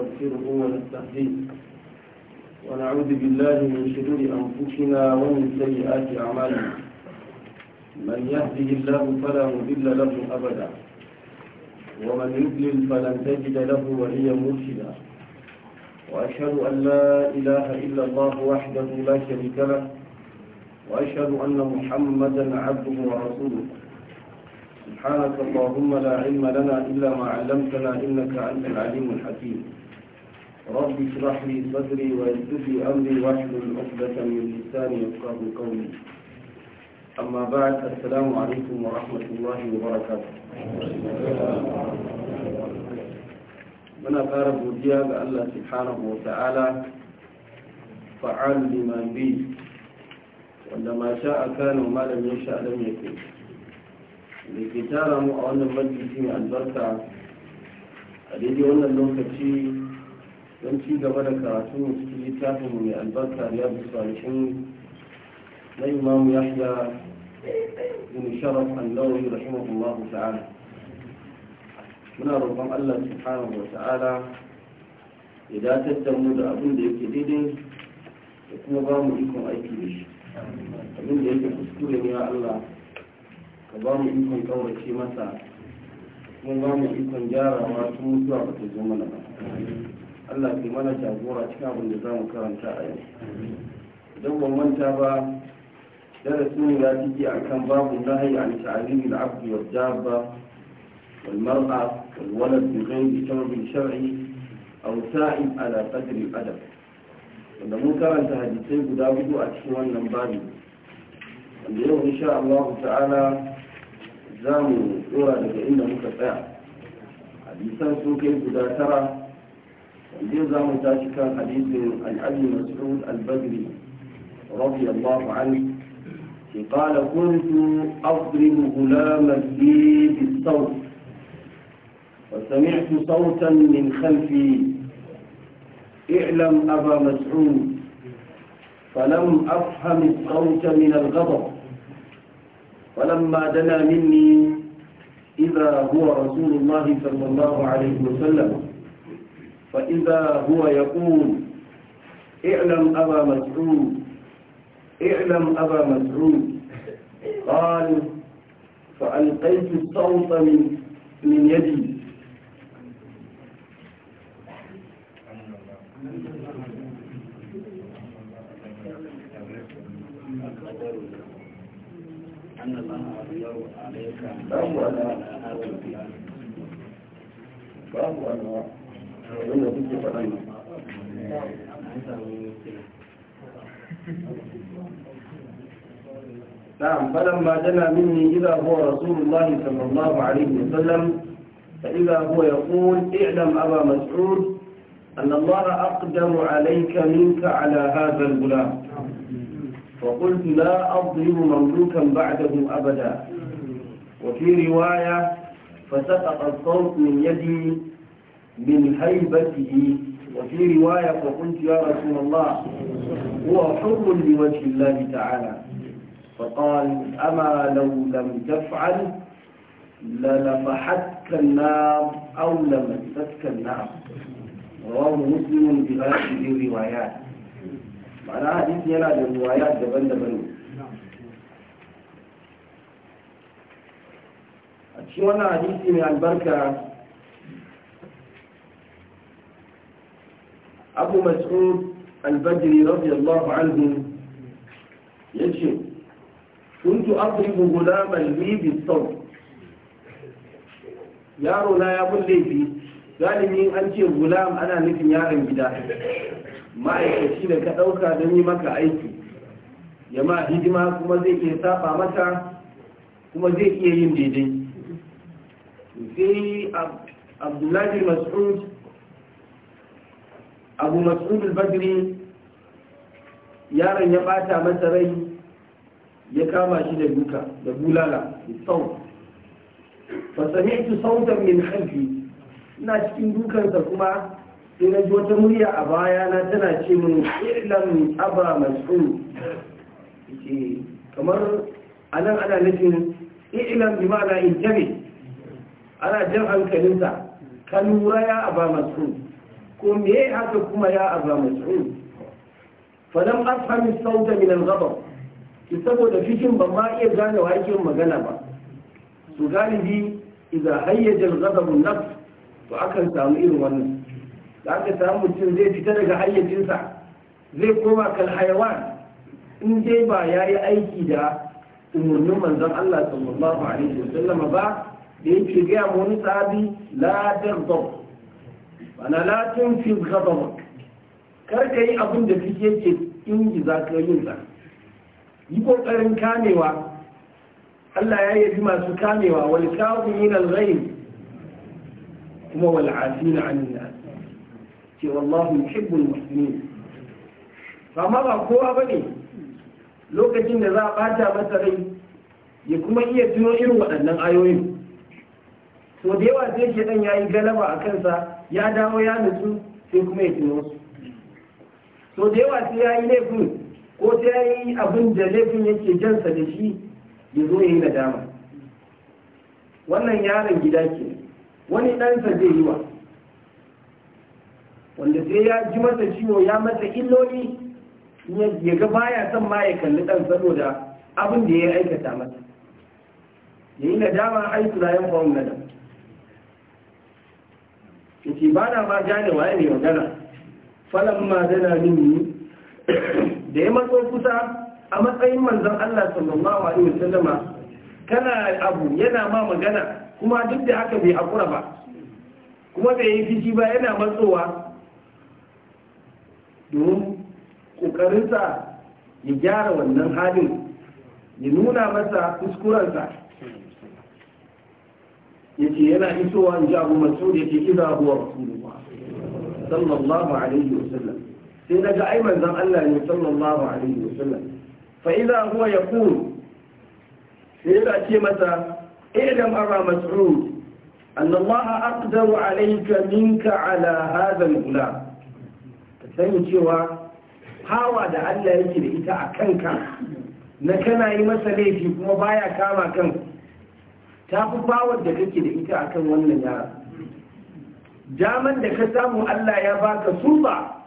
نستغفره ونستهديه ونعوذ بالله من شرور أنفسنا ومن سيئات أعمالنا من يهده الله فلا مضل له أبدا ومن يضلل فلن تجد له وليا مرشدا وأشهد أن لا إله إلا الله وحده لا شريك له وأشهد أن محمدا عبده ورسوله سبحانك اللهم لا علم لنا إلا ما علمتنا إنك أنت العليم الحكيم رب اشرح لي صدري ويسر لي امري واحلل عقدة من لساني يفقه قولي اما بعد السلام عليكم ورحمة الله وبركاته من اقارب وديا الله سبحانه وتعالى فعل لما بي وعندما شاء كان وما لم يشاء لم يكن لكتابه او ان المجلس البركه الذي يقول لهم don ci gaba da karatu mu cikin littafin mai albarka ya bi salihin na imamu yahya bin sharaf annawi rahimahullah ta'ala muna roƙon Allah subhanahu wa ta'ala ya datar da mu da abin da yake daidai da kuma ba mu ikon aiki da shi abin da yake kuskure ne ya Allah ka ba mu ikon kaurace masa kuma ba mu ikon gyarawa tun mutuwa ba ta zo mana ba allah ke mana jagora cikin abin da za mu karanta a yau idan ban manta ba darasin ya cike a kan babu nahayi an ta'alimi da abu wa dabba wal mar'a wal walad bi ghairi tawbin shar'i aw sa'id ala qadri adab wanda mun karanta hadisai guda hudu a cikin wannan babu wanda yau insha Allah ta'ala za mu dora daga inda muka tsaya hadisan sun kai guda tara اليوم زامن تاشك حديث عن مسعود البدري رضي الله عنه قال كنت أضرب غلاما لي بالصوت وسمعت صوتا من خلفي اعلم أبا مسعود فلم أفهم الصوت من الغضب فلما دنا مني إذا هو رسول الله صلى الله عليه وسلم فإذا هو يقول اعلم أبا مسعود اعلم أبا مسعود قال فألقيت الصوت من, من يدي أن الله أكبر عليك أول أول نعم فلما دنا مني إذا هو رسول الله صلى الله عليه وسلم فإذا هو يقول اعلم أبا مسعود أن الله أقدم عليك منك على هذا الغلام فقلت لا أظلم مملوكا بعده أبدا وفي رواية فسقط الصوت من يدي من هيبته وفي رواية فقلت يا رسول الله هو حر لوجه الله تعالى فقال أما لو لم تفعل لنفحتك النار أو لمستك النار رواه مسلم بغير الروايات معنى حديث يلا الروايات دبن دبن أتشي وانا حديثي من البركة abu mas'ud al-badri radiyallahu anhu yace kuntu adribu gulaman li bisawt yaro na ya mun laifi galibin an ce gulam ana nufin yaron gida ma'aikaci da ka ɗauka don yi maka aiki ya ma hidima kuma zai iya saba maka kuma zai iya yin daidai sai abdullahi mas'ud abu mas'ud al-badri yaron ya bata masa rai ya kama shi da duka da bulala da sau fa sami'tu sautan min khalfi ina cikin dukansa kuma sai na ji wata murya a baya na tana ce min ilam aba mas'ud ce kamar anan ana nufin ilam bi ma'ana intabi ana jan hankalinsa ka lura ya aba mas'ud ko me haka kuma ya aba mas'ud falam afham sauta min al-ghadab ki saboda fikin ban ma iya gane wa yake magana ba su galibi idza hayyaja al-ghadab an-nafs to akan samu irin wannan da aka samu mutum zai fita daga hayyacinsa zai koma kal hayawan in dai ba ya yi aiki da umarnin manzon Allah sallallahu alaihi wasallam ba da yake gaya wani sahabi la taghdab ana latin tunfi ghadabak kar ka yi abin da kake yake ingiza ka yin sa yi ƙoƙarin kamewa Allah ya yi masu kamewa wani wal yi nan ghayb kuma wani afin an nas ce wallahu yuhibbul ba ma ba kowa bane lokacin da za a bata masa rai ya kuma iya tuno irin waɗannan ayoyin to da yawa sai ke dan yayi galaba a kansa ya dawo ya nutsu sai kuma ya tuno su da yawa sai yayi laifin ko sai yayi abin da laifin yake jansa da shi ya zo yayi nadama wannan yaron gida ke wani ɗansa zai yi wa wanda sai ya ji masa ciwo ya masa illoli ya ga baya son ma ya kalli ɗan saboda abin da ya aikata masa ya yi nadama ai rayan fa'un nadam yake ba na ma gane waye mai magana falon ma dana mini da ya matso kusa a matsayin manzon Allah sallallahu alaihi wasallam kana abu yana ma magana kuma duk da haka bai akura ba kuma bai yi fiki ba yana matsowa domin kokarinsa ya gyara wannan halin ya nuna masa kuskurensa yace yana isowa in ji abu mas'ud kira idza huwa rasulullah sallallahu alaihi wasallam sai daga ai manzon Allah ne sallallahu alaihi wasallam fa idza huwa yaqul sai yana ce masa idan ara mas'ud أن الله أقدر عليك ala على kula ta sani cewa hawa da Allah yake da ita a kanka na kana yi masa laifi kuma baya kama kan ta fi bawar da kake da ita akan wannan yara daman da ka samu Allah ya baka suba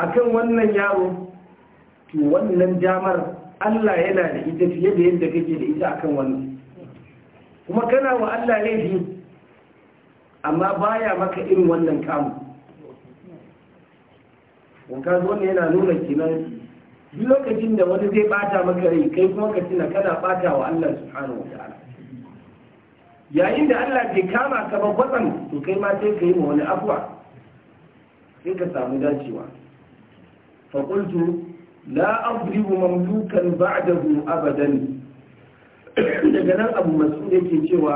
akan wannan yaro to wannan damar Allah yana da ita fiye da yadda kake da ita akan wannan kuma kana wa Allah laifi amma baya maka irin wannan kamu wanka wannan yana nuna kinan duk lokacin da wani zai bata maka rai kai kuma ka tuna kana bata wa Allah subhanahu wa ta'ala yayin da Allah ke kama ka ba kwatsam to kai ma sai ka yi ma wani afuwa sai ka samu dacewa fa qultu la adribu mamlukan ba'dahu abadan daga nan abu mas'ud yake cewa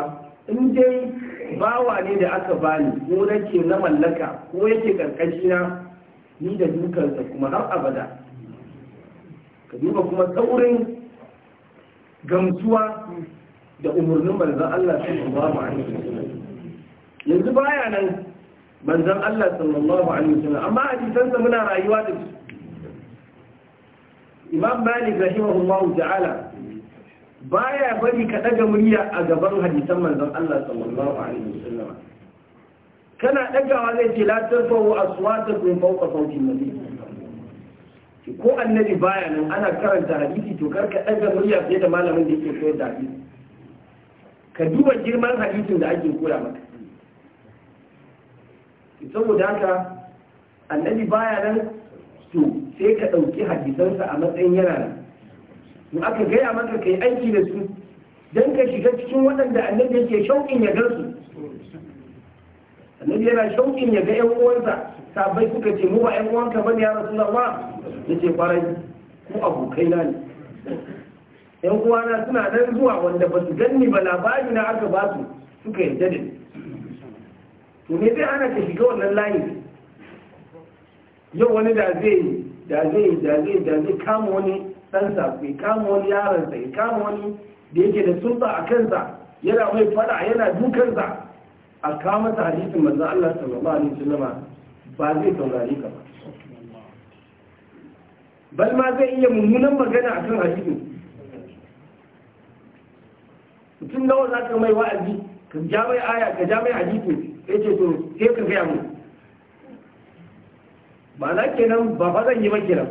in dai bawa ne da aka bani ko nake na mallaka ko yake karkashi na ni da dukansa kuma har abada ka duba kuma saurin gamsuwa da umarnin manzan Allah sallallahu alaihi wasallam yanzu baya nan manzan Allah sallallahu alaihi wasallam amma hadisansa muna rayuwa da su Imam Malik rahimahullahu ta'ala baya bari ka daga murya a gaban hadisan manzan Allah sallallahu alaihi wasallam kana dagawa zai ce la tarfa'u aswatakum fawqa sawti an-nabi ko annabi baya nan ana karanta hadisi to karka ɗaga murya fiye da malamin da yake koyar da hadisi ka duba girman hadisin da ake kura maka saboda haka annabi baya nan to sai ka ɗauki hadisansa a matsayin yana nan in aka gaya maka kai aiki da su don ka shiga cikin waɗanda annabi yake shauƙin ya gansu annabi yana shauƙin ya ga ƴan uwansa sabai kuka ce mu ba ƴan uwanka bane ya rasulullah ya ce kwarai ku na ne yan uwana suna nan zuwa wanda ba su ganni ba labari na aka ba su suka yarda da to me zai ana ka shiga wannan layi yau wani da zai da zai da zai da zai kama wani ɗansa kama wani yaransa ya kama wani da yake da sulta a kansa yana mai fada yana dukansa a kama ta hadisin manzon Allah sallallahu alaihi wasallam ba zai ka ba bal zai iya mummunan magana akan hadisin tun nawa za ka mai wa'azi ka ja mai aya ka ja mai hadithu sai ce to sai ka gaya mu ba na nan ba ba zan yi ba kiran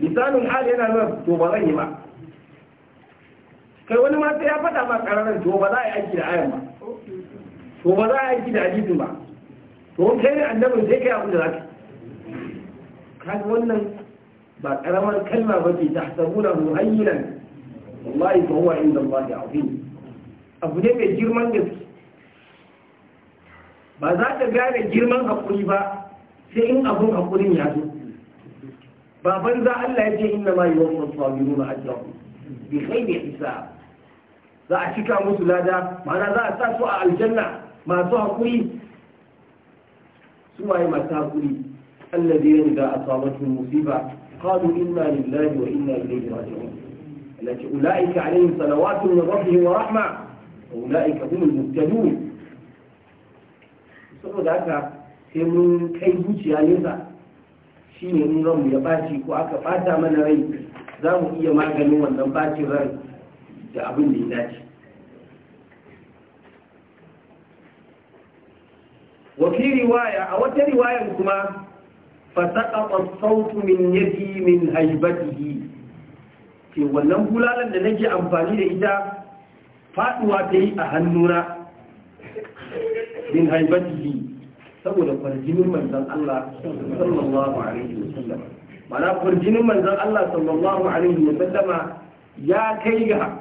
misalin hali yana nan to ba zan yi ba kai wani mata ya faɗa ma ƙararren to ba za a yi aiki da ayan ba to ba za a yi aiki da hadithu ba to kai ne annabin sai kai abin da za ka kaga wannan ba ƙaramar kalma ba ce ta hasabuna muhayyinan wallahi fa huwa inda Allah azim abu ne mai girman gaske ba za ka gane girman haƙuri ba sai in abun haƙurin ya zo baban za Allah ya ce inna ma yuwaffa sabiruna ajrahum bi khayri hisab za a cika musu lada mana za a sa su a aljanna masu haƙuri waye masu haƙuri allazi ya riga a samatun musiba qalu inna lillahi wa inna ilaihi raji'un allati ulaika alaihim salawatun min rabbihim wa rahma أولئك هم المبتلون saboda haka sai mun kai zuciya nesa shine ne in ya ɓaci ko aka ɓata mana rai za mu iya maganin wannan ɓacin rai da abin da ya dace wafi riwaya a wata riwayar kuma fasaƙaƙa sautu min yadi min haibatihi ke wannan bulalan da nake amfani da ita faduwa ta yi a hannuna min haibatihi saboda farjinin manzan Allah sallallahu alaihi wasallam mana farjinin manzan Allah sallallahu alaihi wasallam ya kai ga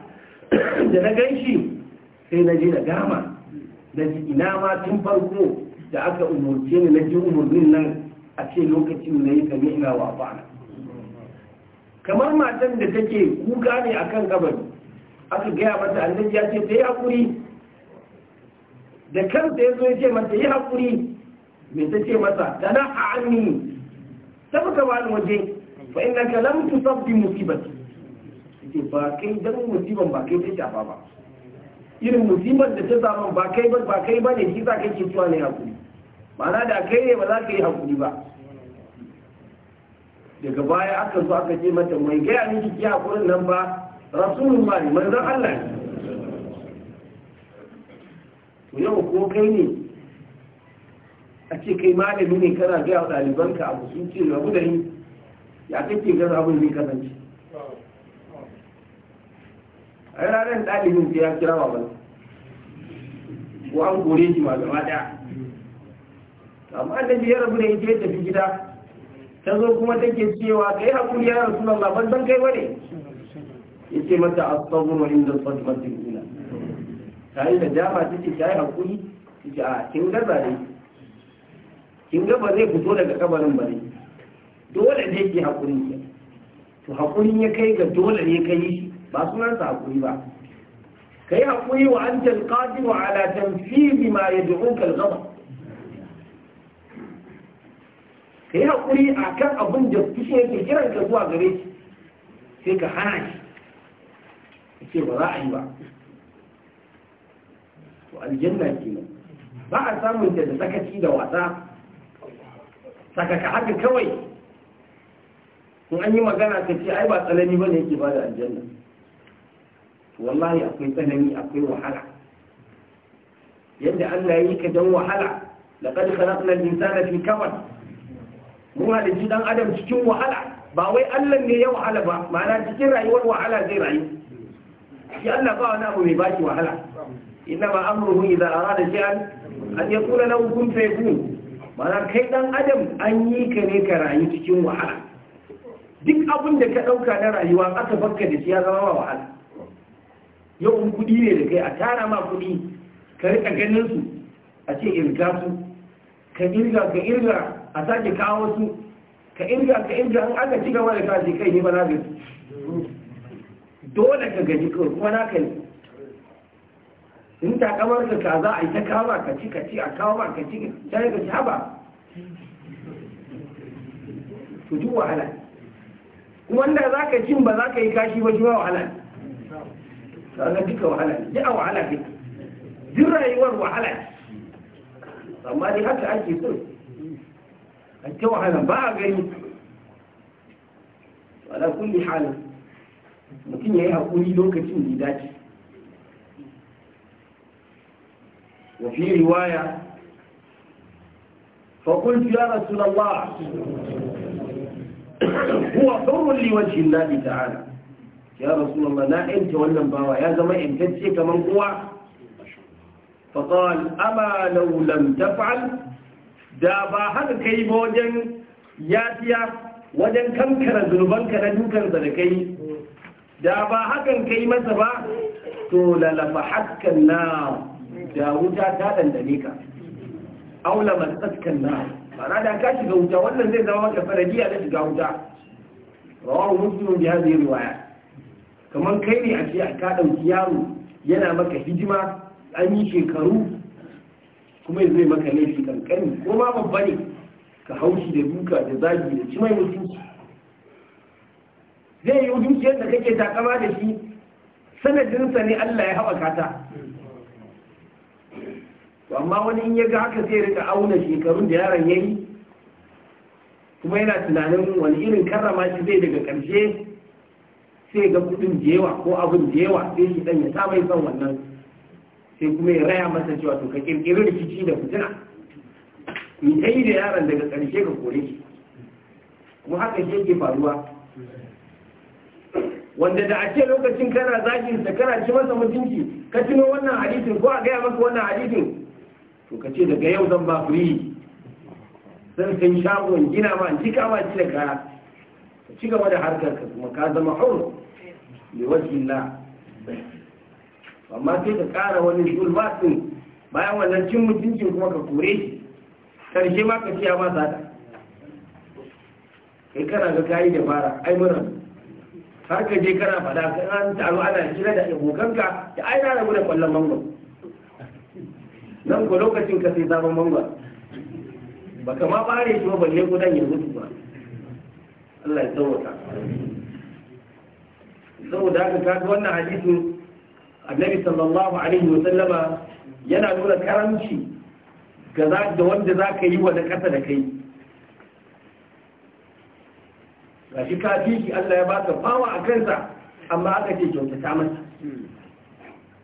da na ganshi sai na ji na dama na ji ina ma tun farko da aka umurce ni na ji umurnin nan a ce lokacin na yi sami ina wa ba'ana kamar matan da take kuka ne akan kabari aka gaya mata annabi ya ce ta yi haƙuri da kansa ya zo ya ce mata yi haƙuri me ta ce masa da na a anni ta baka wani waje fa inna ka lam tusabbi musibati ce ba kai dan musiban ba kai ta shafa ba irin musibar da ta samu ba kai ba ba kai ba ne shi za kai ke cewa ne haƙuri ma'ana da kai ne ba za ka yi haƙuri ba daga baya aka zo aka ce mata mai gaya miki ki haƙurin nan ba rasulun mani manzan Allah ne to yau ko kai ne a ce kai malami ne kana gaya wa ɗalibanka abu sun ce rabu da yi ya kake gaza abin zai kasance a ranar ɗalibin sai ya kira baban ko an gore shi ma gaba ɗaya amma annabi ya rabu da ita ya tafi gida ta zo kuma take cewa kai hakuri ya rasu ban ban kai bane yace mata as wa inda sadmati ula kai da dama take kai hakuri ce a kin gaza ne kin ga ba zai fito daga kabarin ba ne dole ne ki hakuri ki to hakuri ya kai ga dole ne kai ba sunan sa hakuri ba kai hakuri wa anta al-qadir ala tanfidhi ma yad'uka al-ghadab kai hakuri akan abin da kuke kiran ka zuwa gare shi sai ka hana shi ce ba za a yi ba to aljanna ke ba a samun da sakaci da wasa sakaka haka kawai in an yi magana ka ce ai ba tsanani ba ne yake ba da aljanna wallahi akwai tsanani akwai wahala yadda Allah yi ka don wahala da khalaqna al-insana fi kabad da ji dan adam cikin wahala ba wai Allah ne ya wahala ba ma'ana cikin rayuwar wahala zai rayu shi Allah ba wani abu mai baki wahala inna ma amruhu idza arada shay'an an yaqula lahu kun fayakun mana kai dan adam an yi ka ne ka rayu cikin wahala duk abin da ka dauka na rayuwa aka bakka da shi ya zama wahala yau in kudi ne da kai a tara ma kudi ka rika ganin su a ce irga su ka irga ka irga a sake kawo su ka irga ka irga an aka ci gaba da kaji kai ne ba na gasu dole ka gaji kawai kuma na ka yi. in ta kamar ka kaza a yi ta kawo ka ci ka ci a ba ka ci ta yi ka ci haba to ji wahala wanda za ka cin ba za ka yi kashi ba shi ba wahala kaga duka wahala ji a wahala ne duk rayuwar wahala amma dai haka ake so a ce wahala ba a gani wala kulli halin mutum ya yi haƙuri lokacin da dace wa fi riwaya faƙul fiya da sunanwa kuwa ɗaurin liwan shi laɗi ta hana ya na ɗanke wannan bawa ya zama intacce kamar kuwa faƙawal amalau lantafal da ba haka kai ba wajen yafiya wajen kankara zurbanka na dukansa da kai da ba hakan kai masa ba to lalafa hakan na da wuta ta dandane ka aula matsatkan na Ba na da ka shiga wuta wannan zai zama maka sanadiya na shiga wuta rawahu muslim bi hadhihi riwaya kaman kai ne a ce ka dauki yaro yana maka hijima an yi shekaru kuma zai maka laifi kankani ko ma babba ne ka haushi da duka da zagi da cimai mutunci zai yi dukiyar da kake takama da shi sanadinsa ne Allah ya haɓaka ta amma wani in ya ga haka zai rika auna shekarun da yaron ya yi kuma yana tunanin wani irin karrama shi zai daga ƙarshe sai ga kudin jewa ko abin jewa sai shi dan ya saba son wannan sai kuma ya raya masa cewa to ka kirkiri rikici da fitina ni kai da yaron daga ƙarshe ka kore shi kuma haka shi yake faruwa wanda da a ce lokacin kana zagin sa kana ci masa mutunci ka tuno wannan hadisin ko a gaya maka wannan hadisin to ka ce daga yau zan ba free zan san shagon gina ma in cika ma ci da kaya ka ci gaba da harkar ka kuma ka zama hur wajen wajhillah amma sai ka kara wani zulma din bayan wannan cin mutuncin kuma ka kore shi karshe ma ka ciya ma da kai kana ga kayi da fara ai mura har ka je kana fada an taro ana kira da abokanka da ai na rabu da kwallon mangon nan ko lokacin ka sai zaman mangon ba kama bare shi ba balle dan ya mutu ba Allah ya tsawata saboda haka ga wannan hadisi annabi sallallahu alaihi wa sallama yana nuna karamci ga da wanda zaka yi wa da kasa da kai ga shi ka Allah ya ba baka bawa a kansa amma aka ce kyautata masa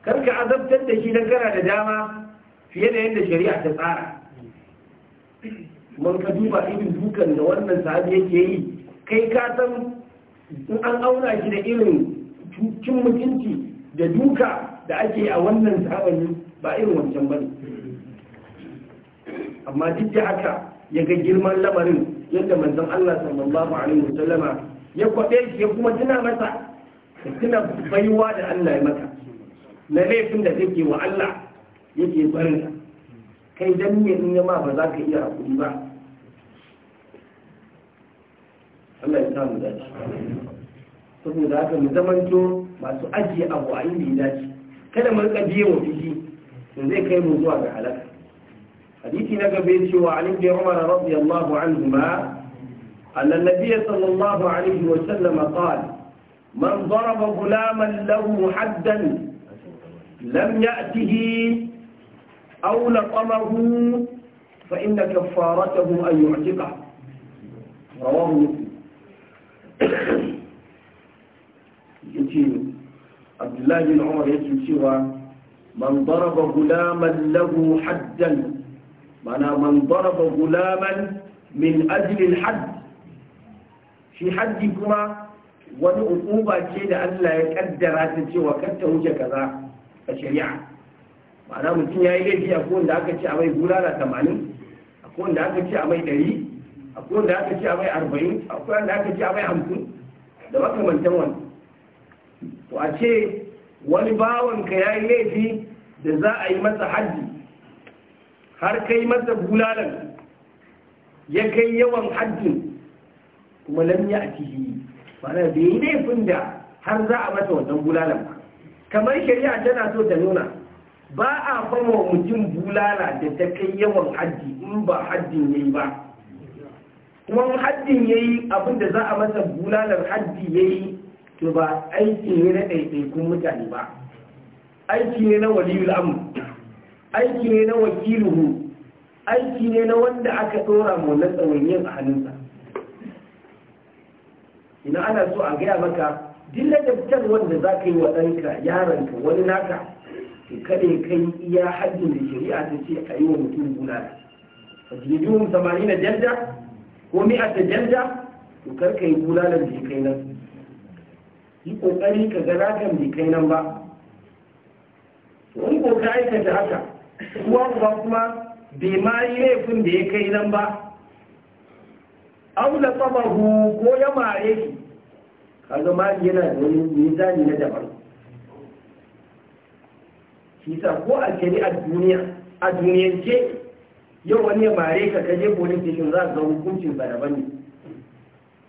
kar ka azabtar da shi don kana da dama fiye da yadda shari'a ta tsara mun ka duba irin dukan da wannan sahabi yake yi kai ka san in an auna shi da irin cin mutunci da duka da ake a wannan zamani ba irin wancan ne amma duk da haka ya ga girman lamarin yadda manzon Allah sallallahu alaihi wasallama ya kwaɗe shi ya kuma tuna masa tuna baiwa da Allah ya maka na laifin da take wa Allah yake barin kai dan ne in ma ba za ka iya hakuri ba Allah ya sa mu dace saboda haka mu zamanto masu ajiye abu a inda ya dace kada mu rika biye wa fiki zai kai mu zuwa ga halaka حديثي نقبيتي وعن ابن عمر رضي الله عنهما أن النبي صلى الله عليه وسلم قال من ضرب غلاما له حدا لم يأته أو لطمه فإن كفارته أن يعتقه رواه مسلم عبد الله بن عمر يكتب سوى من ضرب غلاما له حدا mana man daraba gulaman min ajlil hadd shi haddi kuma wani ukuba ce da Allah ya kaddara ta cewa kar ta wuce kaza a shari'a ma'ana mutum ya yi laifi a kowanda aka ce a mai bulala tamanin a kowanda aka ce a mai ɗari a kowanda aka ce a mai arba'in a kowanda aka ce a mai hamsin da makamantan wani to a ce wani bawanka ya yi laifi da za a yi masa haddi har kai masa bulalan ya kai yawan haddin kuma lam ya atihi ma'ana bai yi laifin da har za a masa wannan bulalan ba kamar shari'a tana so ta nuna ba a fama mutum bulala da ta kai yawan haddi in ba haddin yayi ba kuma haddin yayi abin da za a masa bulalar haddi yayi to ba aiki ne na ɗaiɗaikun mutane ba aiki ne na waliyul amr aiki ne na wakiluhu aiki ne na wanda aka ɗora mu na yin a hannunsa ina ana so a gaya maka da fitar wanda za ka yi wa ɗanka yaranka wani naka to kada ya kai iya haɗin da shari'a ta ce a yi wa mutum bulala a mu samari na janja ko a ta janja to kar ka yi guna da ya kai nan yi ƙoƙari ka ga kan bai kai nan ba wani ko ka aikata haka uwanka kuma bai ma yi laifin da ya kai nan ba aula tsabahu ko ya mare shi kaga ma yana da wani zani na daban shi sa ko a a duniya a duniyance yau wani ya mare ka kaje police station za ga hukuncin ba daban ne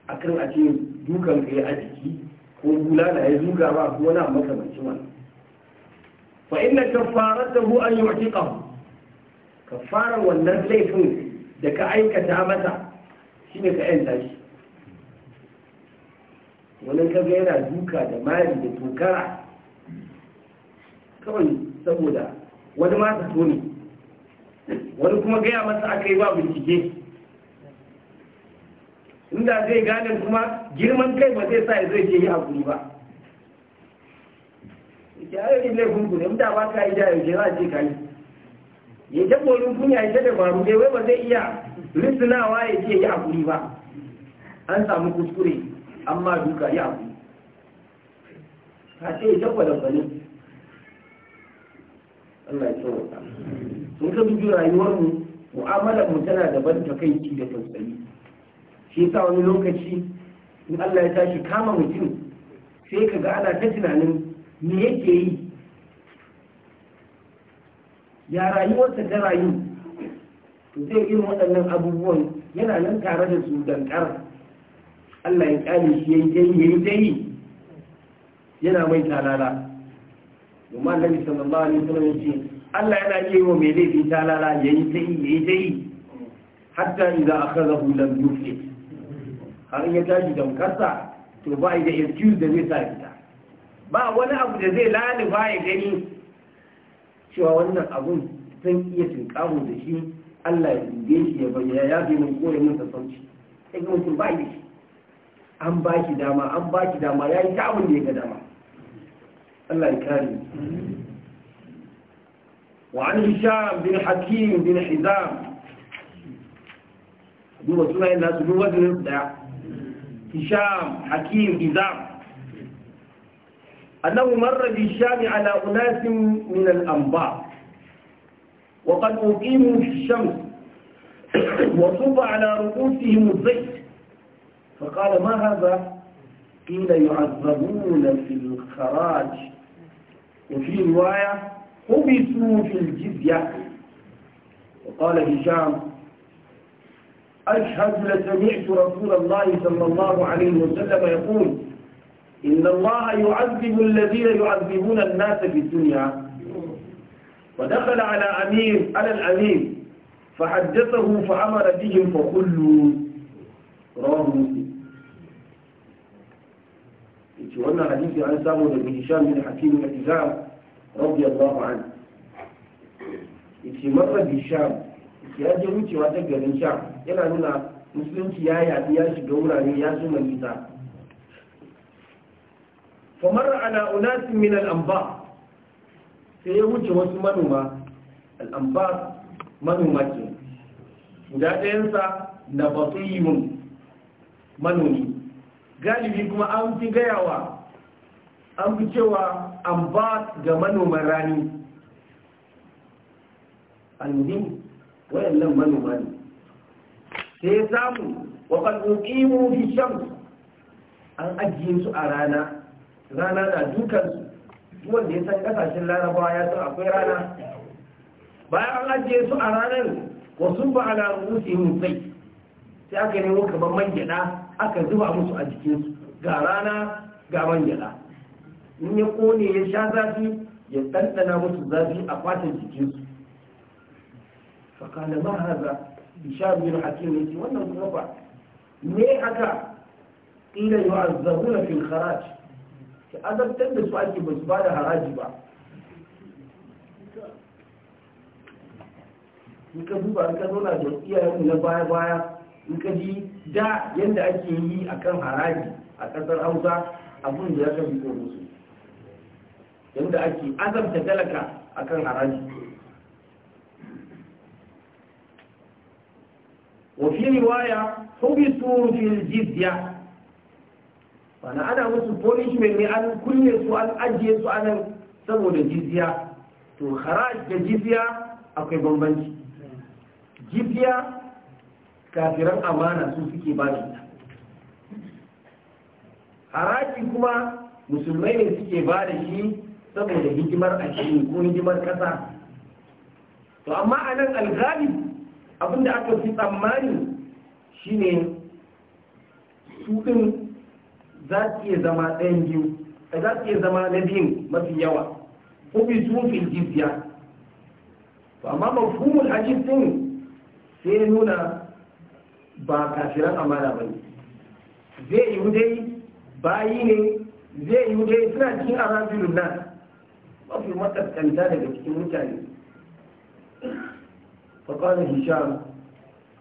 akan a ce dukan ka a jiki ko bulala ya zuga ba ko na makamancin wani fa inna kafaratahu an yu'tiqahu kafarar wannan laifin da ka aikata masa shine ka yanta shi wani kaga yana duka da mali da tukara kawai saboda wani ta tone wani kuma gaya masa aka yi ba bincike inda zai gane kuma girman kai ba zai sa ya zai ke yi hakuri ba ya yi laifin ku ne mu da yi da yaushe za a ce ka ya ta bolin kunya ya ta dabaru dai wai ba zai iya risinawa ya ce ya hakuri ba an samu kuskure amma duka ya hakuri ka ce ya tabba da bane Allah ya tsawata sun ka dubi rayuwar mu mu'amalar mu tana ban ta kai da tausayi shi sa wani lokaci in Allah ya tashi kama mutum sai ka ga ana ta tunanin me yake yi ya rayuwarsa ta rayu to zai irin waɗannan abubuwan yana nan tare da su dankar Allah ya kyale shi yayi dai yayi dai yana mai talala kuma Annabi sallallahu alaihi wasallam yace Allah yana iya yi wa mai laifi talala yayi dai yayi dai hatta idza akhadahu lam yufi har ya tashi damkarsa to ba da excuse da zai sa ba wani abu da zai lalifa ya gani cewa wannan abun zan iya tinkamu da shi Allah ya zube shi ya bayyana ya fi mun kore mun sassauci sai kuma mutum ba shi an ba shi dama an ba shi dama ya yi ta abin da ya ga dama Allah ya kare wa an hisham bin hakim bin hizam duba yin nasu duk wajen daya hisham hakim hizam أنه مر بالشام على أناس من الأنبار وقد أقيموا في الشمس وصب على رؤوسهم الزيت فقال ما هذا قيل يعذبون في الخراج وفي رواية حبسوا في الجزية وقال هشام أشهد لسمعت رسول الله صلى الله عليه وسلم يقول إن الله يعذب الذين يعذبون الناس في الدنيا ودخل على أمير على الأمير فحدثه فأمر بهم فقلوا رواه مسلم وأن حديث عن سامر بن هشام بن حكيم الحجاب رضي الله عنه يتمر بالشام يتمر بالشام يتمر بالشام يتمر بالشام يتمر بالشام يتمر بالشام يتمر بالشام kamar ala unasin min al'amba sai ya wuce wasu manoma al'amba manoma ke guda ɗayansa na batuyun manomi galibi kuma an fi gayawa an fi cewa amba ga manoman rani wayan wayannan manoma ne sai samu wa kan uqimu fi shams an ajiye su a rana rana na dukansu wanda ya san kasashen larabawa ya san akwai rana bayan an ajiye su a ranar wasu ba ala musu musai sai aka nemo kamar man aka zuba musu a jikinsu ga rana ga man in ya kone ya sha zafi ya ɗanɗana musu zafi a fatan jikinsu fakanda ma haza isharu yin hakim ne ce wannan kuma ba me haka ila yi wa azzabuna fil kharaj ki azabtar da su ake ba su ba da haraji ba in ka duba in ka zauna da iyayenmu na baya-baya in ka ji da yadda ake yi a kan haraji a ƙasar hausa abin da ya ka fito su yadda ake azabta talaka a kan haraji وفي رواية حبسوا في الجزية wani ana musu punishment ne an kunne su an ajiye su anan saboda jizya to haraj da jizya akwai bambanci jizya kafiran amana su suke ba da haraji kuma musulmai ne suke ba da shi saboda hikimar addini ko hikimar kasa to amma a nan alghali abinda aka fi tsammani shine su din za su iya zama ɗayan biyu za su iya zama na biyun mafi yawa bi su fi jizya to amma mafhumul hadis din sai ya nuna ba kafiran amana ba ne zai yi dai bayi ne zai yi dai suna cikin arabilun nan mafi makaskanta daga cikin mutane فقال هشام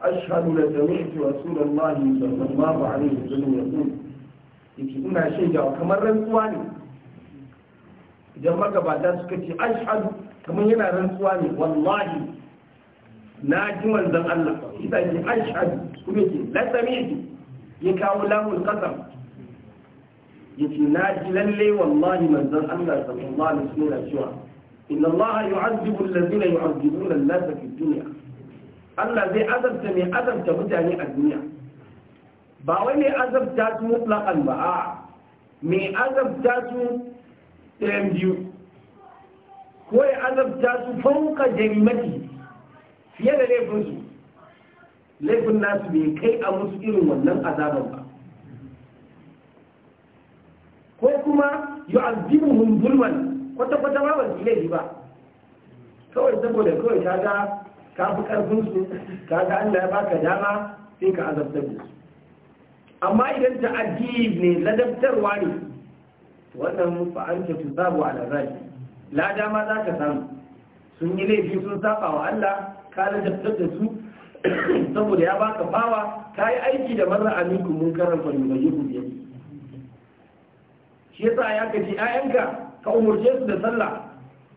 أشهد لسمعت رسول الله صلى الله عليه وسلم يقول yake ina shan shaidawa kamar rantsuwa ne idan magabata suka ce ashhadu kamar yana rantsuwa ne wallahi na ji manzan Allah ita ce ashhadu kuma ce la sami'tu ya kawo lamul Ya ce na ji lalle wallahi manzan Allah sallallahu alaihi wasallam cewa inna Allah yu'adhibu alladhina yu'adhibuna an-nasa fi dunya Allah zai azabta mai azabta mutane a duniya ba wai mai azabta su mutlaƙan ba a mai azabta su ɗayan biyu ko ya azabta su fauka jarimati fiye da laifinsu laifin nasu bai kai a musu irin wannan azabar ba ko kuma yu'azzibuhum zulman kwata kwata ba ba su laifi ba kawai saboda kawai ta ga ka fi ta ga Allah ya baka dama sai ka azabta su amma idan ta'addib ne ladabtarwa ne wannan an anta tuzabu ala lada ma za ka samu sun yi laifi sun saba wa Allah ka ladabtar da su saboda ya baka bawa ka yi aiki da marar aminku mun karar fari mai yiku biyar shi yasa ya kace ayanka ka umurce su da sallah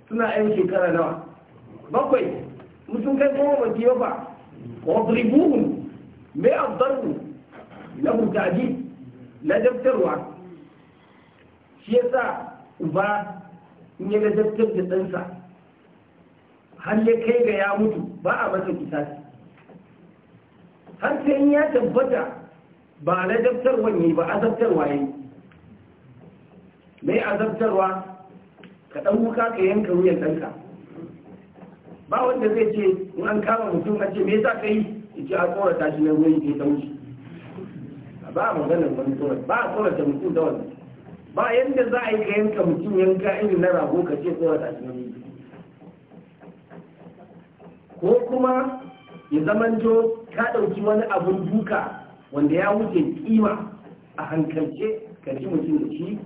suna yan shekara nawa bakwai mutum kai kuma ba ba wadribuhum me abdarbu lahu ta'jib ladabtarwa shi ya sa uba in yi ladabtar da ɗansa har ya kai ga ya mutu ba a masa kisasi har sai in ya tabbata ba ladabtarwa ne ba azabtarwa ya ne? mai azabtarwa ka ɗan wuka ka yanka wuyan ɗanka ba wanda zai ce in an kama mutum a ce me yasa ka yi ya ce a tsorata shi na ruwan ke ta wuce ba maganin wani tsoron ba a tsorata mutum da wani ba yadda za a yi ka yanka mutum yanka irin na rago ka ce tsorata shi wani ko kuma ya jo ka ɗauki wani abun duka wanda ya wuce kima a hankalce ka ji mutum da shi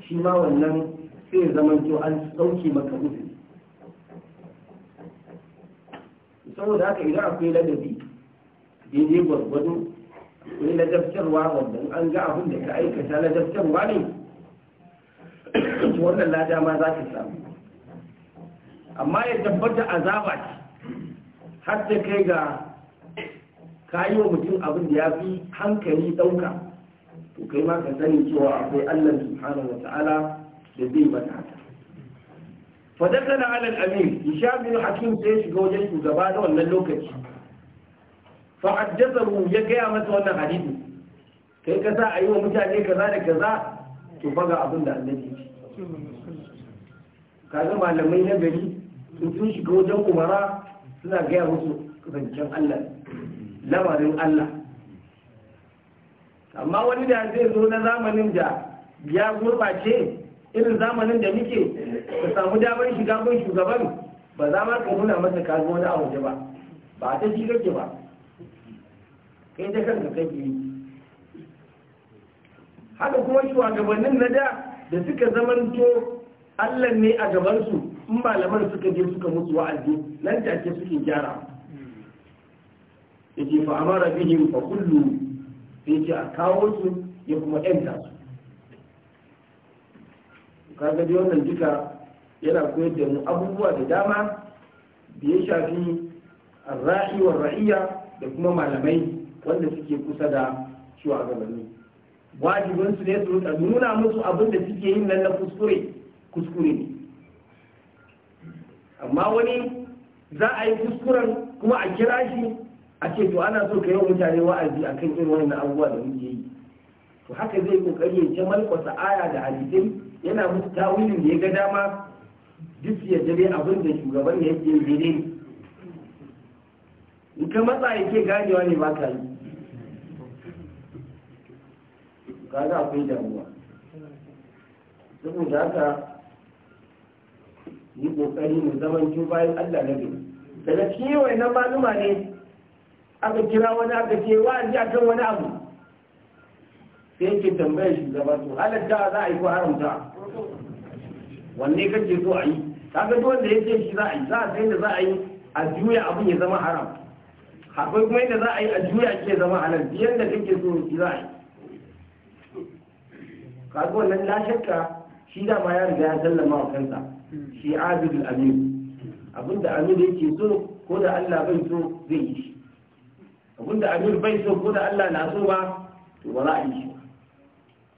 shi ma wannan sai ya jo an sauke maka mutum saboda haka idan akwai ladabi daidai gwargwado na ladabtarwa wanda an ga abin da ka aikata na ladabtarwa ne wannan na dama za ka samu amma ya tabbata zaba ce har da kai ga kayi mutum abin da ya fi hankali ɗauka to kai ma ka sani cewa akwai allah subhanahu wa ta'ala da zai mata haka fadakana alal amir hisham bin hakim sai shiga wajen shugaba da wannan lokaci fa'addathahu ya gaya masa wannan hadisi kai ka sa ayi wa mutane kaza da kaza to fa ga abin da annabi ya ce kaga malamai na gari sun sun shiga wajen umara suna gaya musu zancen Allah lamarin Allah amma wani da zai zo na zamanin da ya gurɓace irin zamanin da muke ka samu damar shiga gun shugaban ba za ma ka nuna masa kaga wani a ba ba ta shi kake ba kai ta kanka kake yi haka kuma shugabannin na da da suka zamanto allah ne a gabansu in malaman suka je suka mutu wa'azi nan take suke gyara Ya yake fa amara bihim fa kullu sai ce a kawo su ya kuma yanta su ga dai wannan duka yana koyar da mu abubuwa da dama da ya shafi ra'i wa ra'iya da kuma malamai wanda suke kusa da shugabanni wajibinsu su ne su rika nuna musu abin da suke yin nan na kuskure kuskure ne amma wani za a yi kuskuren kuma a kira shi a ce to ana so ka yi mutane wa'azi a kan irin wannan abubuwa da muke yi to haka zai kokari ya ce malkwasa aya da hadisai yana musu tawilin da ya ga dama duk ya dare abin da shugaban ya yake daidai in ka matsa yake ganewa ne ba ka yi kaga akwai damuwa saboda haka yi kokari mu zaman ju bayan Allah na biyu daga cikin wai nan maluma ne aka kira wani aka ce wa'azi kan wani abu sai yake tambayar shugaba to halatta za a yi ko haramta wanne kake so a yi kaga duk wanda yake shi za a yi za a sai da za a yi a juya abin ya zama haram akwai kuma yadda za a yi a juya ke zama halal yadda kake so shi za a yi kaga wannan la shakka shi ma ya riga ya sallama wa kansa shi abidul amin abinda amir yake so ko da Allah bai so zai yi shi abinda amir bai so ko da Allah na so ba to ba za a yi shi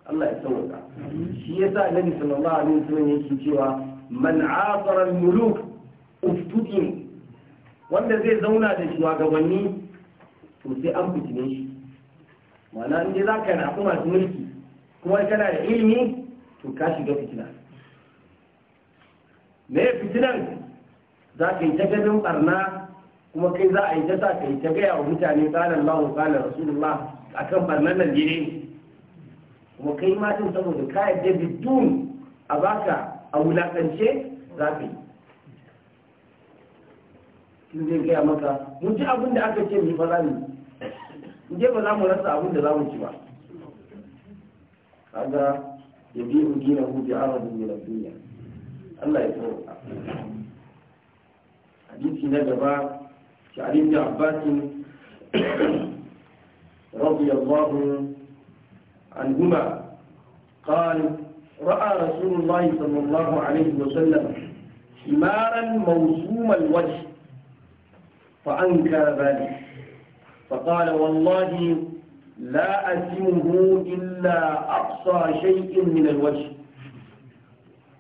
Allah ya sauka shi yasa annabi sallallahu alaihi wasallam yake cewa man aqara al-muluk uftutin wanda zai zauna da shugabanni to sai an fitine shi wala in dai zaka rabu masu mulki kuma kana da ilimi to ka shiga fitina me fitinan za ka yi ta gajin barna kuma kai za a yi ta sa ka yi ta gaya wa mutane tsarin Allah tsarin Rasulullah a kan barnan nan ne kuma kai ma din saboda ka yadda bidun a baka a wulakance za ka yi sun zai gaya maka mun ci abin da aka ce mu fa za mu je ba za mu rasa abin da za mu ci ba هذا يبيع دينه بعرض من الدنيا الله يفرق حديث في علي بن عباس رضي الله عنهما قال رأى رسول الله صلى الله عليه وسلم حمارا موسوم الوجه فأنكر ذلك فقال والله لا أزمه إلا أقصى شيء من الوجه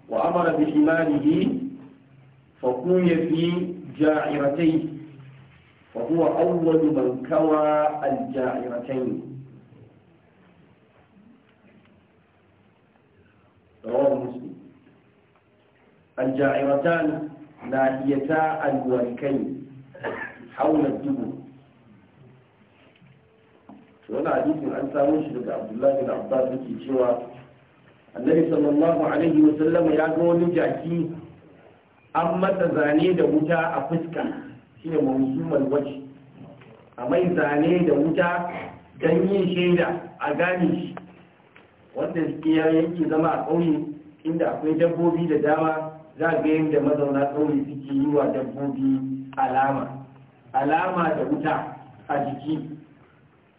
وأمر بحماله فقوي في جاعرتيه وهو أول من كوى الجاعرتين رواه مسلم الجاعرتان ناهيتا الوركين حول الدبر wani hadisin an samu shi daga abdullahi abba abbas yake cewa annabi sallallahu alaihi wa sallama ya ga wani jaki an masa zane da wuta a fuska shine mawsumal waje a mai zane da wuta don yin shaida a gane shi wanda ya yake zama a ƙauye inda akwai dabbobi da dama za ga yadda mazauna ƙauye suke yi wa dabbobi alama alama da wuta a jiki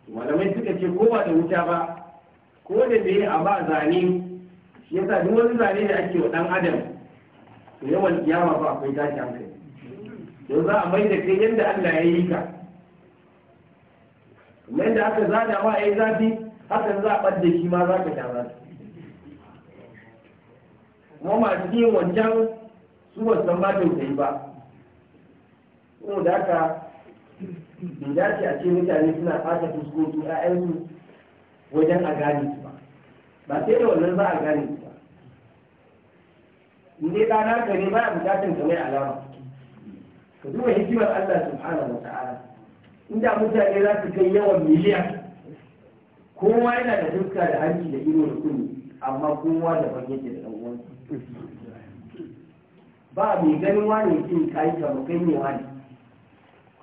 malamai suka ce ko ba da wuta ba ko da bai a ba zane shi yasa duk wani zane da ake wa ɗan adam to yawan kiyama ba akwai tashi hankali don za a mai da kai yadda Allah ya yi ka kamar yadda aka zada ma yayi zafi hakan za a ɓadda shi ma za ka sha zafi kuma masu yin wancan su ba san ba tausayi ba saboda haka bai dace a ce mutane suna fata fuskoki ƴaƴansu wajen a gane su ba ba sai da wannan za a gane su ba in dai ɗana ka ne ba a buƙatar ka mai alama ka duba hikimar Allah subhanahu wa ta'ala inda mutane za su kai yawan miliyan kowa yana da fuska da hanci da ido da kuni amma kowa da bangin da da ɗan ba mai ganin wani ke kai kamar kai ne wani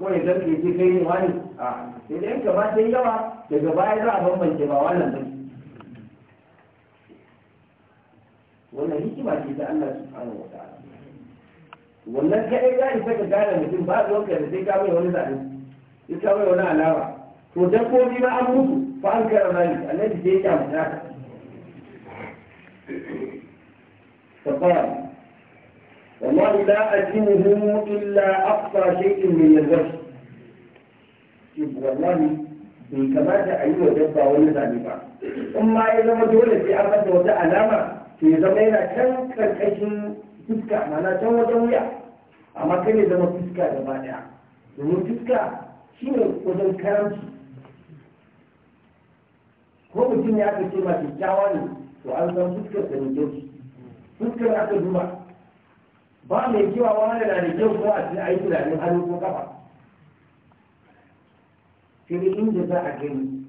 kawai zan zarta ya ce kai ne wani a sai da yanka ba sai yawa daga baya za a bambance ba wannan ba wannan hikima ce ta Allah subhanahu wa ta'ala wannan kai ka isa ka gane mutum ba zuwan ka sai ka mai wani zaɓe sai ka mai wani alama to bi ma an mutu fa an kara rani annabi sai ya kyamu ta tabbara والله لا أدينه إلا أقصى شيء من الغش والله bai kamata a yi wa dabba wani zabi ba in ma ya zama dole sai an masa wata alama to zama yana can karkashin fuska mana can wajen wuya amma kai ya zama fuska gaba domin fuska shi wajen karanci ko mutum ya aka ce ma ne to an san fuskar da ne fuskar aka duba ba mai kiwa wani na da kyau ko a cikin aiki da tunanin hannu ko kafa sai inda za a gani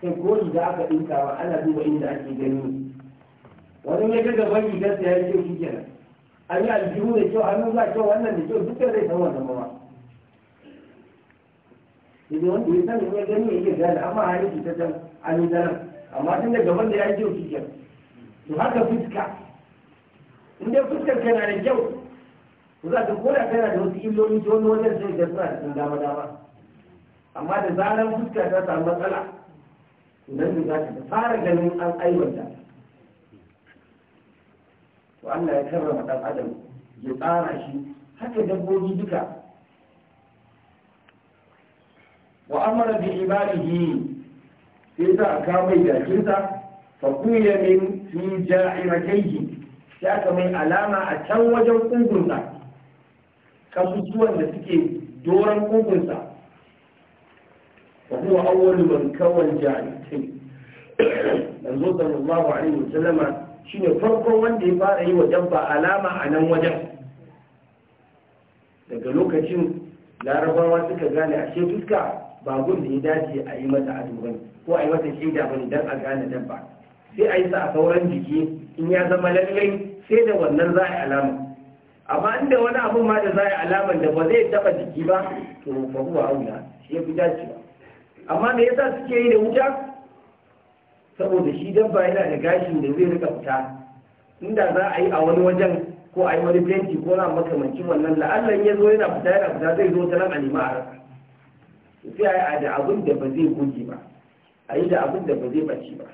sai ko da aka ɗinkawa ana duba inda ake gani wani ya ga gaban rigar sa ya kyau shi kenan an yi aljihu da kyau hannu za kyau wannan da kyau dukkan zai san wannan mawa idan wanda ya san ya gani ya iya gane amma hannun ta can an yi zanen amma tun da gaban da ya kyau shi kenan to haka fuska in dai fuskar kana da kyau ku za ka koda kana da wasu illoli ta wani wajen sai da suna cikin dama dama amma da zarar fuska ta samu matsala nan ne za ka fara ganin an aiwata to Allah ya karrama dan adam ya tsara shi haka dabbobi duka wa amara bi ibadihi sai ta aka mai jakinsa fa kuyya min fi ja'irakaihi sai aka mai alama a can wajen ƙugunsa kasusuwan da suke doron ƙugunsa wa huwa awwalu man kawal jahilai manzo sallallahu alaihi wasallama shine farko wanda ya fara yi wa dabba alama a nan wajen daga lokacin larabawa suka gane ashe fuska ba gun da ya dace a yi mata ado ko a yi mata shaida bane dan a gane dabba sai a yi sa a sauran jiki in ya zama lallai sai da wannan za a yi alama amma inda wani abin ma da za a yi alaman da ba zai taba jiki ba to ba a aula shi ya fi dacewa amma me yasa suke yi da wuta saboda shi dabba yana da gashin da zai rika fita inda za a yi a wani wajen ko a yi wani fenti ko na makamancin wannan la'allan ya zo yana fita yana fita zai zo ta nan a nema a rasa sai a yi da abin da ba zai goge ba a yi da abin da ba zai bace ba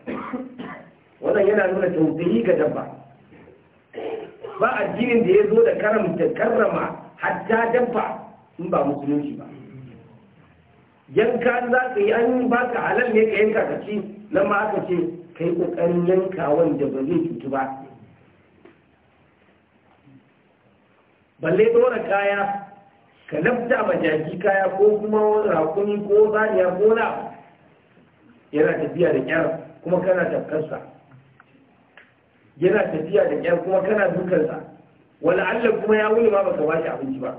wannan yana nuna tausayi ga dabba ba addinin da ya zo da karamta karrama hatta dabba in ba musulunci ba yanka za ka yi an ba ka halar ne ka yanka ka ci nan ma aka ce ka yi ƙoƙarin yanka wanda ba zai cutu ba balle ɗora kaya ka lafta ma jaki kaya ko kuma rakuni ko zaniya ko na yana tafiya da kyar kuma kana tafkarsa yana tafiya da kyar kuma kana dukansa wala Allah kuma ya wuni ma ka bashi abinci ba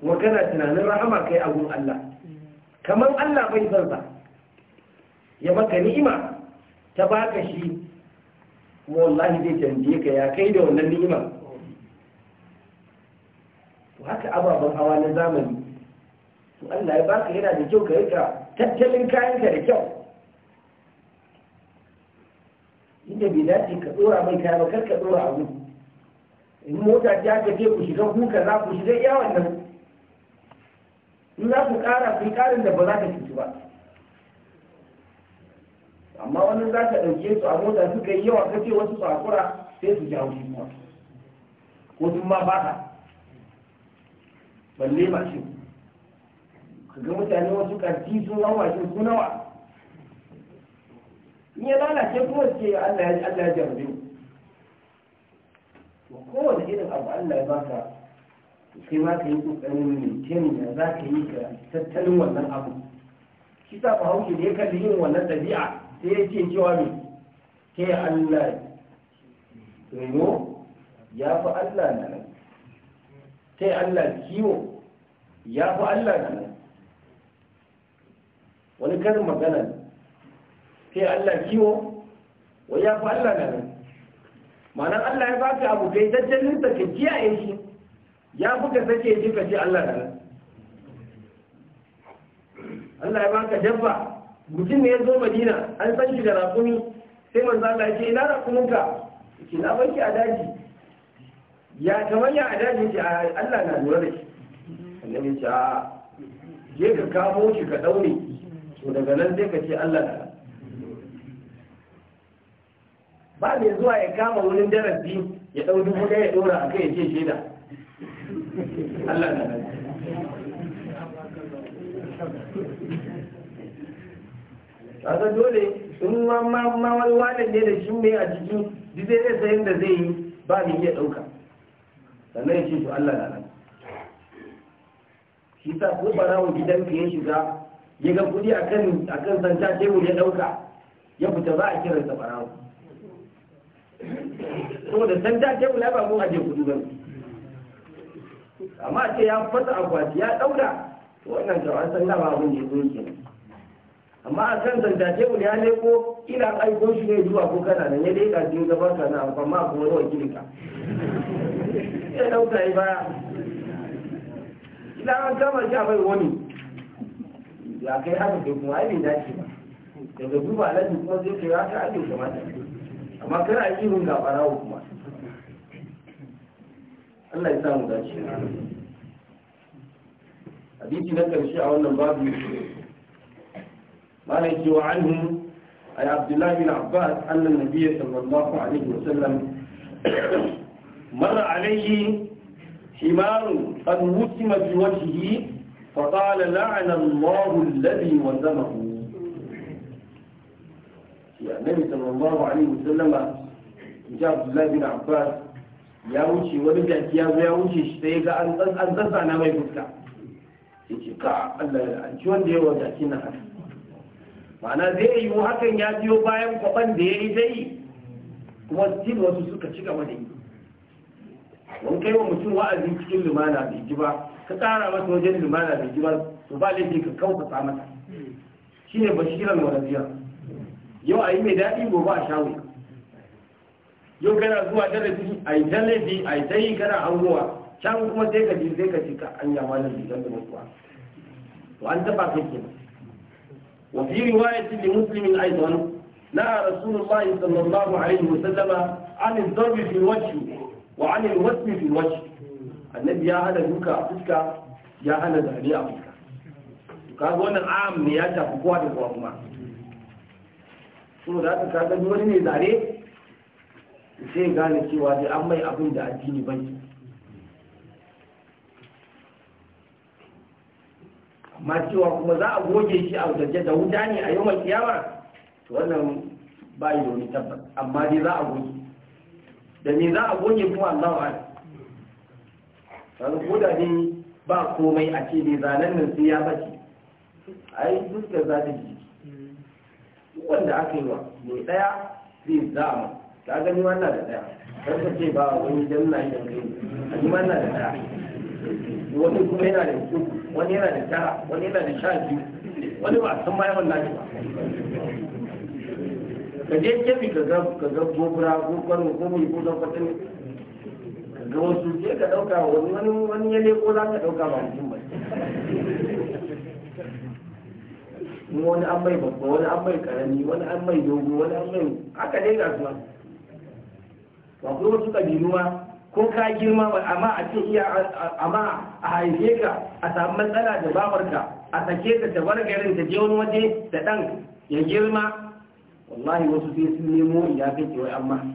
kuma kana tunanin rahama kai a gun Allah kamar Allah bai san sa ya maka ni'ima ta baka shi kuma wallahi zai tambaye ka ya kai da wannan ni'ima to haka ababen hawa na zamani to Allah ya baka yana da kyau ka rika tattalin kayanka da kyau inda bai dace ka dora mai kaya ba kar ka dora a gudu in mota ta ka ce ku shiga kuka za ku shiga iya wannan in za ku kara ku karin da ba za ka cutu ba amma wani za ka ɗauke su a mota suka yi yawa ka ce wasu sakura sai su jawo shi kuma ko sun ma baka balle shi ka ga mutane wasu karti sun wawa shi su nawa in ya lalace kuma ce Allah ya Allah ya jarbe to kowane irin abu Allah ya baka sai ma ka yi kokarin ne kenan ya za ka yi ka tattalin wannan abu shi ta hauke da ya kalli yin wannan ɗabi'a sai ya ce cewa me ke Allah reno ya fi Allah na nan ta Allah kiwo ya fi Allah na nan wani karin magana sai Allah kiwo wai ya fi Allah nan ma'anar Allah ya baka abu kai tattalin ka kiyaye shi ya fi ka sake ji ka ji Allah nan Allah ya baka dabba mutum ne ya zo Madina an san shi da raƙumi sai manzo Allah ya ce ina raƙuminka ki na banki a daji ya kamar ya a daji ce Allah na lura da shi annabi ce a je ka kamo shi ka daure to daga nan zai ka ce Allah na ba mai zuwa ya kama wani darasi ya ɗau dubu ɗaya ya ɗora a kai ya ce shaida Allah na kaga dole in ma ma wani wani ne da shi mai a jiki jizai zai sayin da zai yi ba mai iya ɗauka sannan ya ce su Allah na nan shi sa ko barawon gidan ka ya shiga ya ga kuɗi akan kan santa tebur ya ɗauka ya fita za a kiransa barawo. saboda ta ke ya ba mu aje kudu ba amma ce ya fasa akwati ya daura wannan da an da ba abin da yake amma a kan ke wula ya leko ina aiko shi ne zuwa ko kana nan ya leka jin gaban ka na amma ko wani wakilin ka ya dauka ya baya ila an gama shi a bai wani ya kai haka kai kuma ai bai dace ba daga duba alaji kuma zai kai haka ake kamata amma kana ihun ga barawo kuma Allah ya samu dace hadisi na karshe a wannan babu malai cewa anhu ay abdullahi bin abbas annan nabiyyi sallallahu alaihi wasallam مر عليه حمار قد وسم في وجهه فقال لعن الله الذي وزمه annabi sallallahu alaihi wasallama inji abdullahi bin abbas ya wuce wani jaki ya zo ya wuce shi sai ga an zasa na mai fuska sai ce ka Allah an ci wanda ya yawa jaki na haka ma'ana zai yi hakan ya biyo bayan kwaban da ya yi zai kuma still wasu suka ci gaba da yi wani kai wa mutum wa'azi cikin lumana bai ji ba ka tsara masa wajen lumana bai ji ba to ba laifi ka kauka mata shine bashiran wa rabiya yau a yi mai daɗi gobe a shawo yau kana zuwa darasi a yi tallafi a yi yi kana hangowa can kuma sai ka ji sai ka ci ka an yawa da zidan da mutuwa to an taɓa ka ke wa fi riwayatin li muslimin aizon na rasulullahi sallallahu alaihi wasallama an al fi wacce wa an al-wasmi fi wacce annabi ya hada duka a fuska ya hana zane a fuska kaga wannan am ne ya tafi kowa da kowa kuma so da aka kaga wani ne zare sai gane cewa dai an mai abin da addini bai amma cewa kuma za a goge shi a wajen da wuta ne a yawan kiyama to wannan ba yi wani tabbat amma dai za a goge da me za a goge kuma Allah wa sanu ko da dai ba komai a ce ne zanen nan sai ya bace ai duk da ta ji wanda ake yi wa mai daya zai zama ka gani wannan da daya kan ka ce ba wani janna idan kai a ji wannan da daya wani kuma yana da uku wani yana da tara wani yana da sha biyu wani ba a san bayan wannan ba ka je kebi ka ga ka ga ko kwano ko mai ko zan kwatin ka ga wasu je ka ɗauka wani wani ya leko za ka ɗauka ba mutum ba wani an mai babba wani an mai karami wani an mai dogo wani an mai aka dai ga zuwa ba kuma wasu kabilu ma ko ka girma ba amma a ce iya amma a haife ka a samu matsala da babarka a sake ta da bar ta je wani waje da dan ya girma wallahi wasu sai sun nemo ya kake wai amma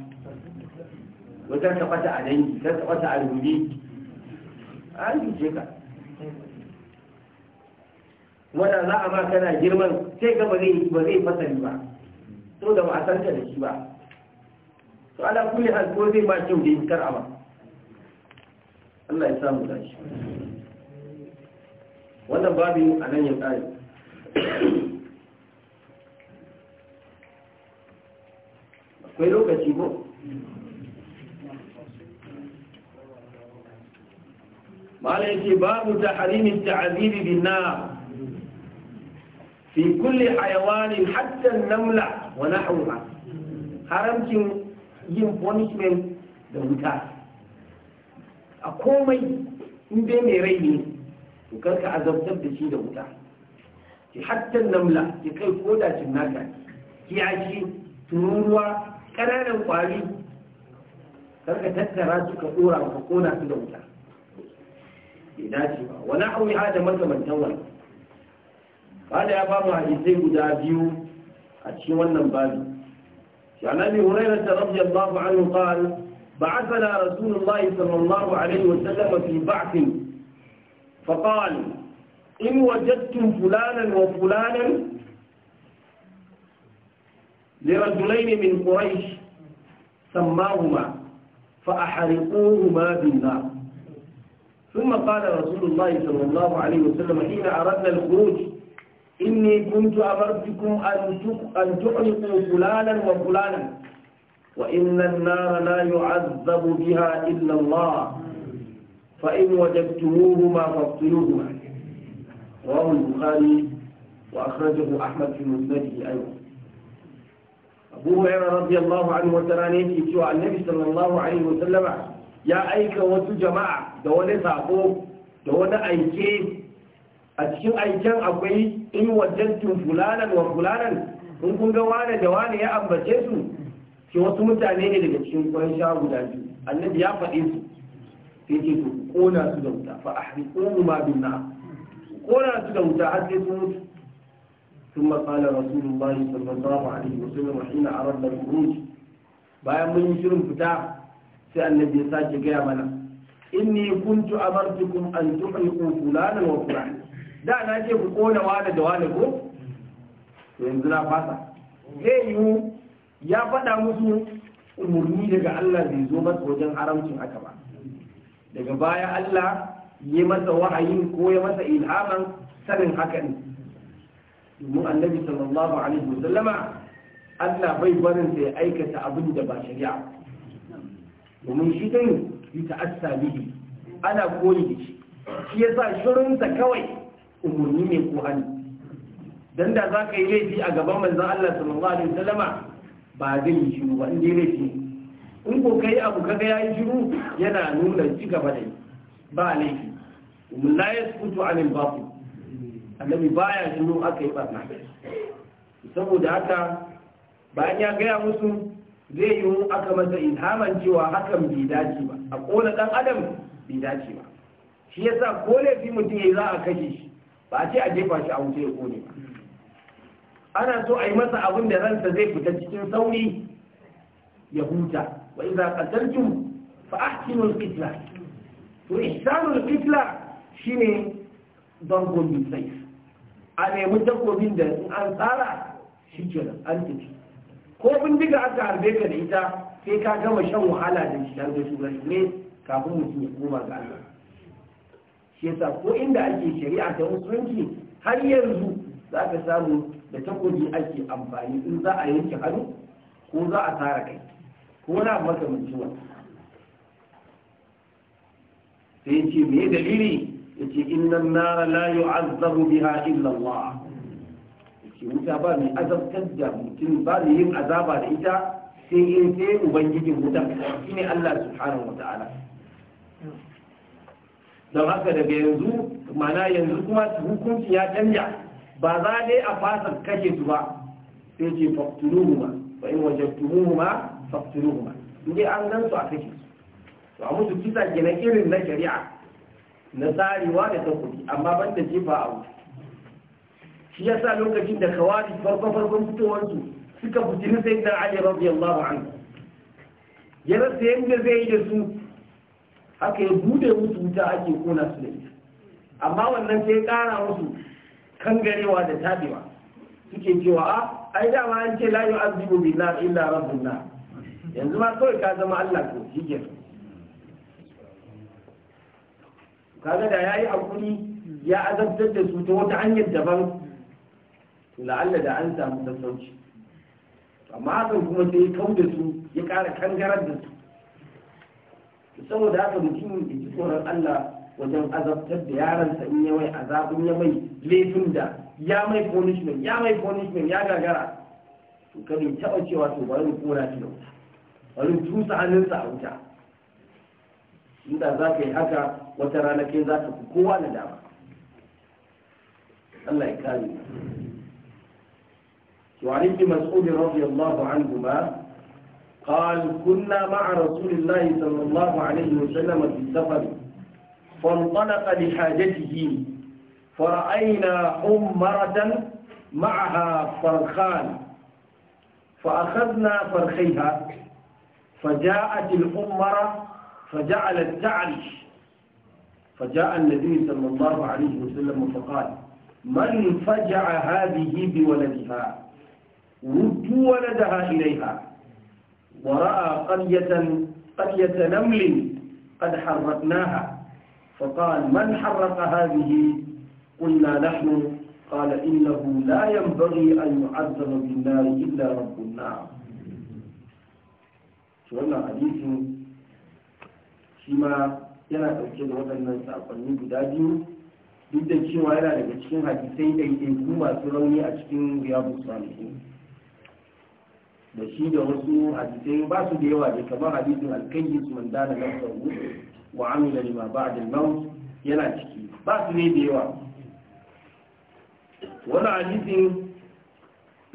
wajen taɓa ka a dangi kar ka ta a rubi an ka wanda za a ma kana girman sai ga bari zai ba zai fasali ba to da ba a san ka da shi ba to ala kulli hal ko zai ba kyau da kar ba Allah ya samu shi wannan babin a nan ya tsare akwai lokaci ko ما babu باب تحريم التعذيب بالنار fi kulli hayawanin hatta namla wa nahruha haramcin yin punishment da wuta a komai in dai mai rai ne to karka azabtar da shi da wuta ki hatta namla ki kai koda cinnaka kiyashi tururuwa kananan kwari karka tattara su ka dora ka kona su da wuta bai dace ba wani aure da makamantan wani bada ya bamu hadisai guda biyu a cikin wannan أبي هريرة رضي الله عنه قال بعثنا رسول الله صلى الله عليه وسلم في بعث فقال إن وجدتم فلانا وفلانا لرجلين من قريش سماهما فأحرقوهما بالنار ثم قال رسول الله صلى الله عليه وسلم حين أردنا الخروج إني كنت أمرتكم أن تحرقوا فلانا وفلانا وإن النار لا يعذب بها إلا الله فإن وجدتموهما فاقتلوهما رواه البخاري وأخرجه أحمد في مسنده أيضا أبو هريرة رضي الله عنه وتراني في cewa النبي صلى الله عليه وسلم يا أيك وتجمع jama'a da wani sako a cikin aikin akwai in wajjattun fulanan wa fulanan in kun ga wane da wane ya ambace su ke wasu mutane ne daga cikin ƙwarin sha guda biyu annabi ya faɗi su sai ce to kona su da wuta fa ahriqu ma bin nar kona su da wuta har sai sun mutu ثم قال رسول الله صلى الله عليه وسلم a أردنا الخروج bayan mun yi shirin fita sai annabi ya sake gaya mana inni kuntu amartukum an tuhiqu fulanan wa fulanan da na ce ku kona wa da wani ko to yanzu na fasa zai yiwu ya faɗa musu umarni daga Allah zai zo masa wajen haramcin haka ba daga baya Allah yi masa wa'ayin ko ya masa ilhaman sanin haka ne domin annabi sallallahu alaihi wasallama Allah bai barin sai aikata abin da ba shari'a domin shi dai yi ta'assa ana koyi da shi shi yasa shirinsa kawai umarni ne ko hannu dan da za ka yi laifi a gaban manzan Allah sallallahu alaihi wasallama ba zai yi shiru ba inda yi laifi in ko kai abu kaga ya yi shiru yana nuna ci gaba da ba laifi mun la yasqutu anil batil annabi baya shiru aka yi barna saboda haka bayan ya gaya musu zai yi aka masa ilhaman cewa hakan bai dace ba a kona dan adam bai dace ba shi yasa ko laifi mutum ya za a kashe shi ba a ce a jefa shi a wuce ya kone ana so a yi masa abin da ransa zai fita cikin sauri ya huta wa iza qataltum fa ahsinu al-qitla to ihsanu al-qitla shine don gobi sai a nemi takobin da in an tsara shi nan an tafi ko bindiga aka harbe ka da ita sai ka gama shan wahala da shi har da ne kafin mutum ya koma ga Allah shi yasa ko inda ake shari'a ta musulunci har yanzu za ka samu da takobi ake amfani in za a yanke hannu ko za a tara kai ko na makamancin wannan sai ya ce me dalili ya ce innan nara la yu'azzabu biha illa ce wuta ba mai azabtar da mutum ba mai yin azaba da ita sai in sai ubangijin wutan shine Allah subhanahu wa ta'ala don haka daga yanzu mana yanzu kuma hukunci ya canja ba za dai a fasa kashe su ba sai ce faktuluhuma ba in wajadtumuhuma faktuluhuma indai an gan su a kashe su to a musu kisa gina irin na shari'a na tsarewa da kudi amma ban da jefa a wuce shi ya sa lokacin da kawari farko farkon fitowar su suka fitini sai da Ali radiyallahu anhu ya rasa yadda zai yi da su aka yi bude musu wuta ake kona su da ita amma wannan sai kara musu kangarewa da tabewa suke cewa a ah, ai ma an ce la azibu billahi illa rabbun yanzu ma kawai ka zama Allah ko shike kaga da yayi hakuri ya azabtar da su ta wata hanyar daban to la'alla da an samu sassauci amma hakan kuma sai ya kau su ya kara kangarar da su saboda haka mutum ya ji tsoron Allah wajen azabtar da yaransa in ya mai azabin ya mai laifin da ya mai punishment ya mai punishment ya gagara to kada ya taɓa cewa to bari mu kora shi da wuta bari tusa hannunsa a wuta inda za ka yi haka wata rana kai za ka fi kowa na dama Allah ya kare وعن ابن مسعود Allahu anhu عنهما قال كنا مع رسول الله صلى الله عليه وسلم في السفر فانطلق لحاجته فرأينا حمرة معها فرخان فأخذنا فرخيها فجاءت الحمرة فجعلت تعرش فجاء النبي صلى الله عليه وسلم فقال من فجع هذه بولدها ردوا ولدها إليها ورأى قرية قرية نمل قد حرقناها فقال من حرق هذه قلنا نحن قال إنه لا ينبغي أن يعذب بالنار إلا رب النار wannan hadisin shi ma yana ɗauke da waɗannan saƙonni guda biyu duk da cewa yana daga cikin hadisai ɗaiɗaiku masu rauni a cikin riyadu salihin da shi da wasu hadisai ba su da yawa dai kamar hadisin alkayyis man dana nafsahu wa amila lima ba'da al-maut yana ciki ba su ne da yawa wani hadisin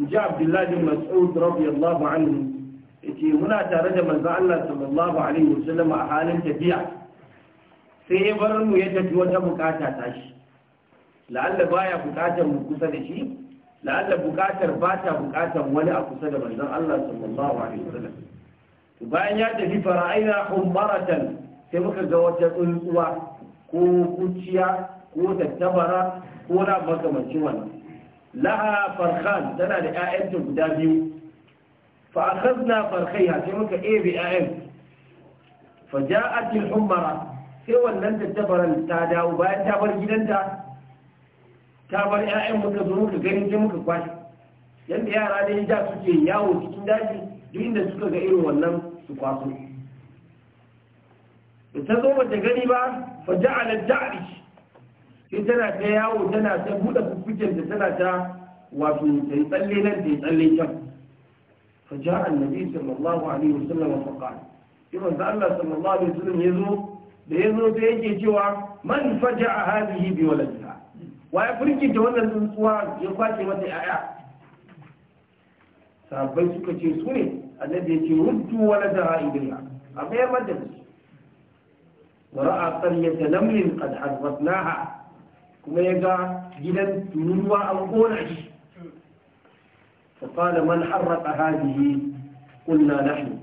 ji abdullahi bin mas'ud radiyallahu anhu yace muna tare da manzo Allah sallallahu alaihi wasallam a halin tafiya sai ya bar mu ya tafi wata bukata ta shi la'alla baya bukatar mu kusa da shi la'alla bukatar ba ta bukatan wani a kusa da manzon Allah sallallahu alaihi wasallam bayan ya tafi fara'ina hummaratan sai muka ga wata tsuntsuwa ko kuciya ko tattabara ko na makamancin wannan laha farkhan tana da ƴaƴanta guda biyu fa akhadna farkhaiha sai muka ebe ƴaƴan fa ja'at al-hummara sai wannan tattabaran ta dawo bayan ta bar gidanta ta bar 'ya'yan muka zo muka gani sai muka kwashe yadda yara da ja suke yawo cikin daji duk inda suka ga irin wannan su kwaso da ta zo bata gani ba fa ja'ala da'ish sai tana ta yawo tana ta buɗe fuffuken da tana ta wato ta yi tsalle nan ta yi tsalle can fa ja'a annabi sallallahu alaihi wasallam fa qala ibn Allah sallallahu alaihi wasallam zo da zo da yake cewa man faja'a hadhihi bi walad waye firki da wannan tsuntsuwa ya kwace mata yaya Sabai suka ce su ne annabi ya ce ruddu wala da idilla a bayar madda su wa ra'a qaryatan namlin qad kuma ya ga gidan turuwa an kona shi fa qala man harraqa hadhihi qulna nahnu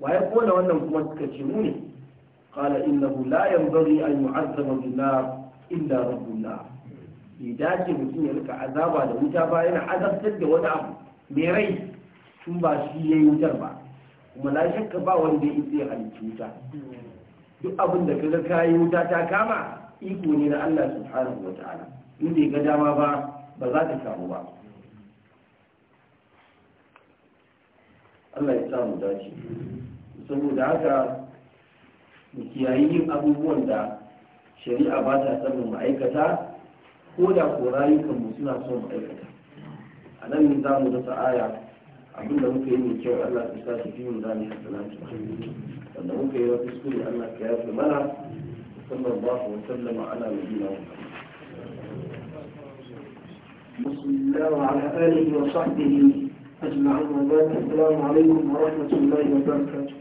wa ya kona wannan kuma suka ce mu ne qala innahu la illa bai dace mutum ya rika azaba da wuta ba yana azabtar da wani abu mai rai tun ba shi ya yi wutar ba kuma na shakka ba wanda ya isa ya halittu wuta duk abin da kaga yi wuta ta kama iko ne na Allah subhanahu wa ta'ala in bai ga dama ba ba za ta samu ba Allah ya samu dace saboda haka mu kiyayi yin abubuwan da shari'a ba ta sanin ma'aikata ko da ko rayukanmu suna son aikata a nan za mu dasa aya abinda muka yi mai kyau Allah ta sa shi biyun zami hasanatu wanda muka yi wata sukuri Allah ka yafe mana sallallahu wa sallama ala nabiyina بسم الله وعلى آله وصحبه أجمعين وبارك السلام عليكم ورحمة الله وبركاته.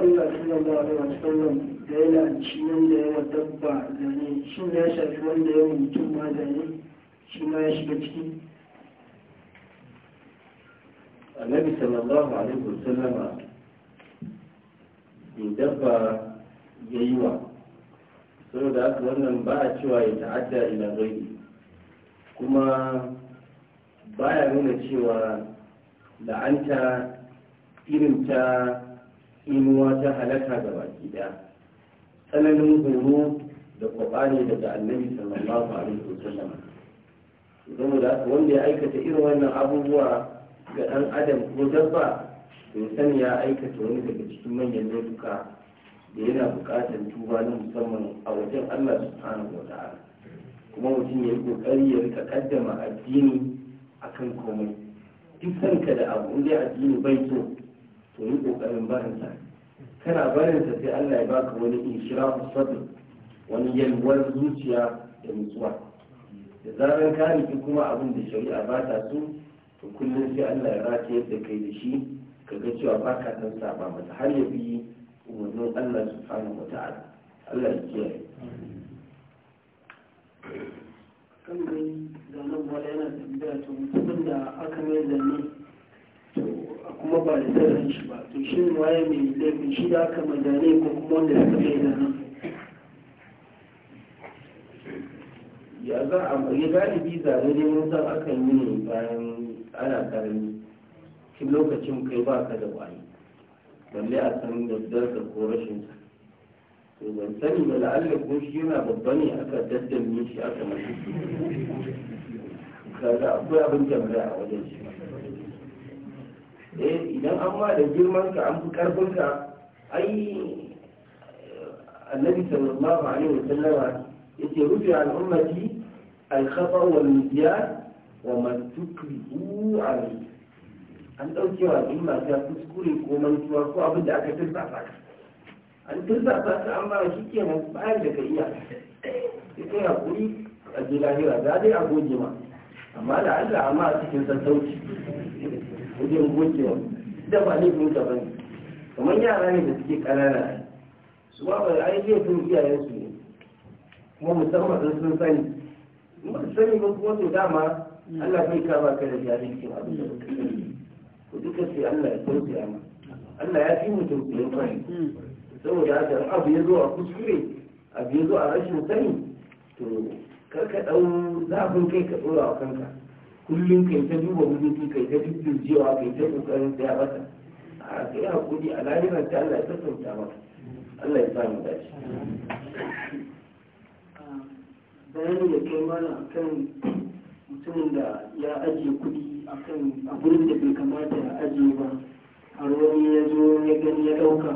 Allah sallallahu alaihi wasallam da ya la'anci wanda ya wa dabba zane shi ya shafi wanda ya mutum ma zane shi ma ya shiga ciki annabi sallallahu alaihi wasallam in dabba ya yi wa saboda haka wannan ba a cewa ya ta'adda ila gairi kuma ba ya nuna cewa la'anta irin ta inuwa ta halaka da baki daya tsananin horo da ne daga annabi sallallahu alaihi sallam don da wanda ya aikata irin wannan abubuwa ga dan adam ko dabba to sani ya aikata wani daga cikin manyan laifuka da yana buƙatar tuba na musamman a wajen Allah subhanahu wa ta'ala kuma mutum ya yi kokari ya rika kaddama addini akan komai duk sanka da abu inda addini bai so to yi kokarin barinta kana barinta sai Allah ya baka wani inshirahu sadr wani yalwar zuciya da nutsuwa da zaran ka riki kuma abin da shari'a ba ta so to kullum sai Allah ya rake yadda kai da shi ka ga cewa ba ka san saba mata har ya bi umarnin Allah subhanahu wa ta'ala Allah ya kiyaye kan dai ga nan wala yana tambaya to mutumin da aka mai zanne kuma ba da tsarin shi ba to shi ne waye mai laifin shi da aka majalai ko kuma wanda suka mai da nan ya za a ya galibi zane ne mun san akan yi ne bayan ana karami cikin lokacin kai ba ka da waye balle a san dabdar darsa ko rashin sa to ban sani ba la'alla ko shi yana babba ne aka daddame shi aka mashi kaga akwai abin jami'a a wajen shi eh idan an ma da girman ka an fi karfin ka ai annabi sallallahu alaihi wasallam ce rufi al ummati al khata wal nisyan wa man tukribu alaihi an dauke wa al'umma ta kuskure ko mantuwa ko abin da aka turba ka an turba ka an ba shi nan bayan da ka iya sai kai hakuri a je lahira za dai a goge ma amma da Allah amma a cikin sassauci wajen gocewa da ba laifin ka bane kamar yara ne da suke kanana su ba ba ai laifin su ne kuma musamman sun sun sani in su sani ba kuma to dama Allah bai kama ka da jahilcin abin da ku duka sai Allah ya tausaya ma Allah ya fi mutum ku yin fari saboda haka abu ya zo a kuskure abu ya zo a rashin sani to kar ka ɗau zafin kai ka ɗora a kanka kullum kai ta duba bututu kai ta jiwa kai ta kokarin tsaya mata a kai hakuri a lahirar ta Allah ya sassauta maka Allah ya sa mu dace bayani da kai mana akan mutumin da ya ajiye kuɗi akan abin da bai kamata ya ajiye ba har wani ya zo ya gani ya ɗauka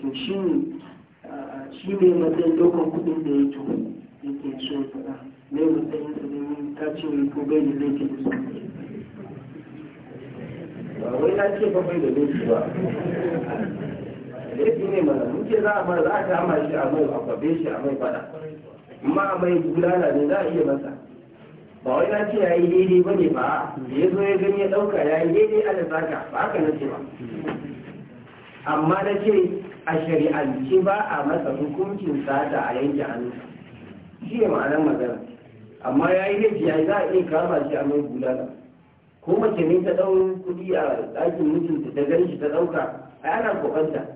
to shi ne shi ne matsayin ɗaukan kuɗin da ya to yake so ya faɗa ne matsayin su ne ta ce ko bai da laifin su ba wai na ce ba bai da laifi ba laifi ne mana muke za a za a kama shi a mai akwabe shi a mai fada amma a mai gudana ne za a iya masa ba wai na ce ya yi daidai ba ne ba ya zo ya gani ya ɗauka ya yi daidai a da zaka ba haka na ce ba amma na ce a shari'ance ba a masa hukuncin sata a yanke hannu shi ne ma'anar magana amma ya yi laifi ya za a iya kama shi a mai bulala ko mace ne ta ɗau kuɗi a ɗakin mutunta ta gani shi ta ɗauka a ana kokanta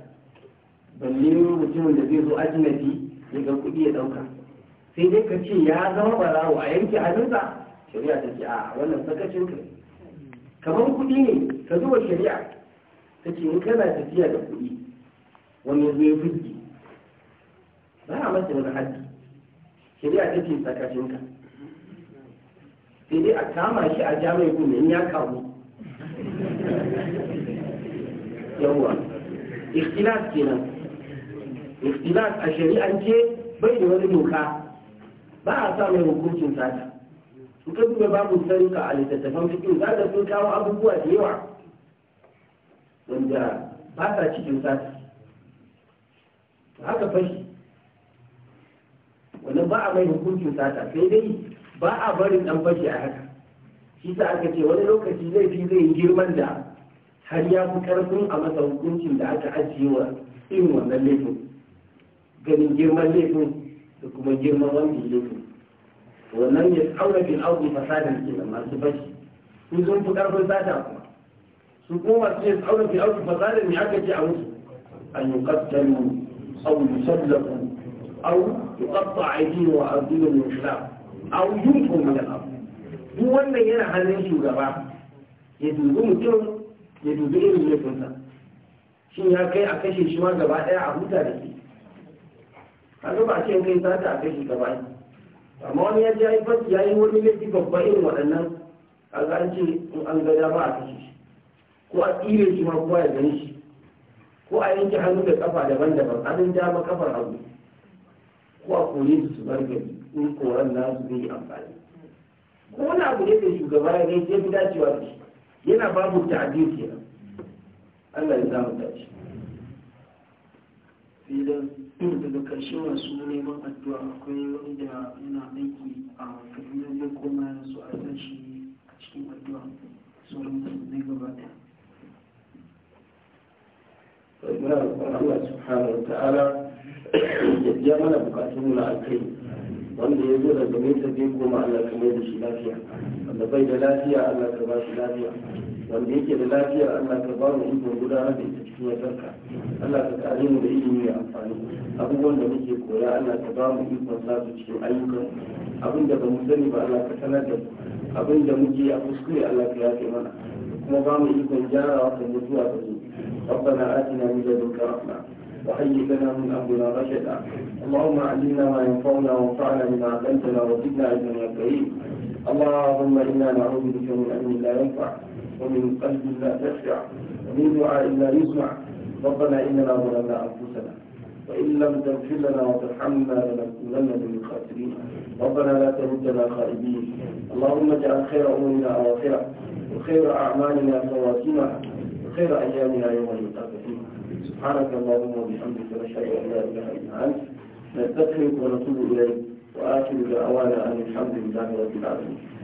balle mutumin da zai zo ajinabi ya ga kuɗi ya ɗauka sai dai ka ce ya zama barawo a yanke hannunsa shari'a ta ce a wannan sakacin ka kamar kuɗi ne ka zuba shari'a ta ce in kana tafiya da kuɗi wani zo ya fuski ba a masa wani hajji shari'a ta ce sakacin ka sai dai a kama shi a jami'ai kuma in ya kawo yawwa ikhtilas kenan ikhtilas a shari'ance bai da wani doka ba a sa mai hukuncin sata in ka duba babu sarka a littattafan fikin za ka sun kawo abubuwa da yawa wanda ba sa cikin sata haka fashi wannan ba a mai hukuncin sata sai dai ba a barin dan fashi a haka shi sa aka ce wani lokaci laifi zai yi girman da har ya fi karfin a masa hukuncin da aka ajiye wa irin wannan laifin ganin girman laifin da kuma girman wanda laifin wannan ya tsaura bin auki fasadin kenan masu fashi sun sun fi karfin sata kuma su kuma su ya tsaura bin auki fasadin ne aka ce a musu a yi kattalu au yi au a yi wa arjuluhum min khilaf a yunfu min abu duk wannan yana hannun shugaba ya dubi mutum ya dubi irin laifinsa shi ya kai a kashe shi ma gaba daya a huta da shi kaga ba a ce kai sata a kashe gaba amma wani ya ji ya yi wani laifi babba irin waɗannan kaga an ce in an gada ba a kashe shi ko a tsire shi ma kowa ya gani shi ko a yanke hannu da kafa daban-daban hannun dama kafar hannu ko a kore su su bar gari sai koran nasu zai yi amfani ko wani abu ne da shugaba ya gai sai fi dacewa da shi yana babu ta'adil kenan Allah ya samu dace sai da daga karshen wasu neman addu'a akwai wani da yana aiki a kaduna zai koma ya su a shi a cikin addu'a sauran zai gaba ɗaya muna roƙon Allah subhanahu wa ta'ala ya biya mana bukatun mu na alkhairi wanda ya zo daga nesa zai koma Allah ka mai da shi lafiya wanda bai da lafiya Allah ka ba shi lafiya wanda yake da lafiya Allah ka ba mu ikon gudanar da ita cikin yadarka Allah ka kare mu da ilimi mai amfani abubuwan da muke koya Allah ka ba mu ikon sa su cikin ayyukan abin da ba mu sani ba Allah ka sanar da mu abin da muke a kuskure Allah ka yafe mana kuma ba mu ikon gyarawa kan mutuwa ta zo ربنا آتنا من لدنك رحمة وحيثنا من أمرنا رشدا اللهم علمنا ما ينفعنا وانفعنا بما علمتنا وزدنا علما يا كريم اللهم إنا نعوذ بك من أمر لا ينفع ومن قلب لا تشفع ومن دعاء لا يسمع ربنا إننا ظلمنا أنفسنا وإن لم تغفر لنا وترحمنا لنكونن من الخاسرين ربنا لا تردنا خائبين اللهم اجعل خير أمورنا أواخرها وخير أعمالنا خواتمها وخير أيامنا يوم القيامة فيه سبحانك اللهم وبحمدك نشهد ان لا اله الا انت نستغفرك ونتوب اليك واخر دعوانا ان الحمد لله رب العالمين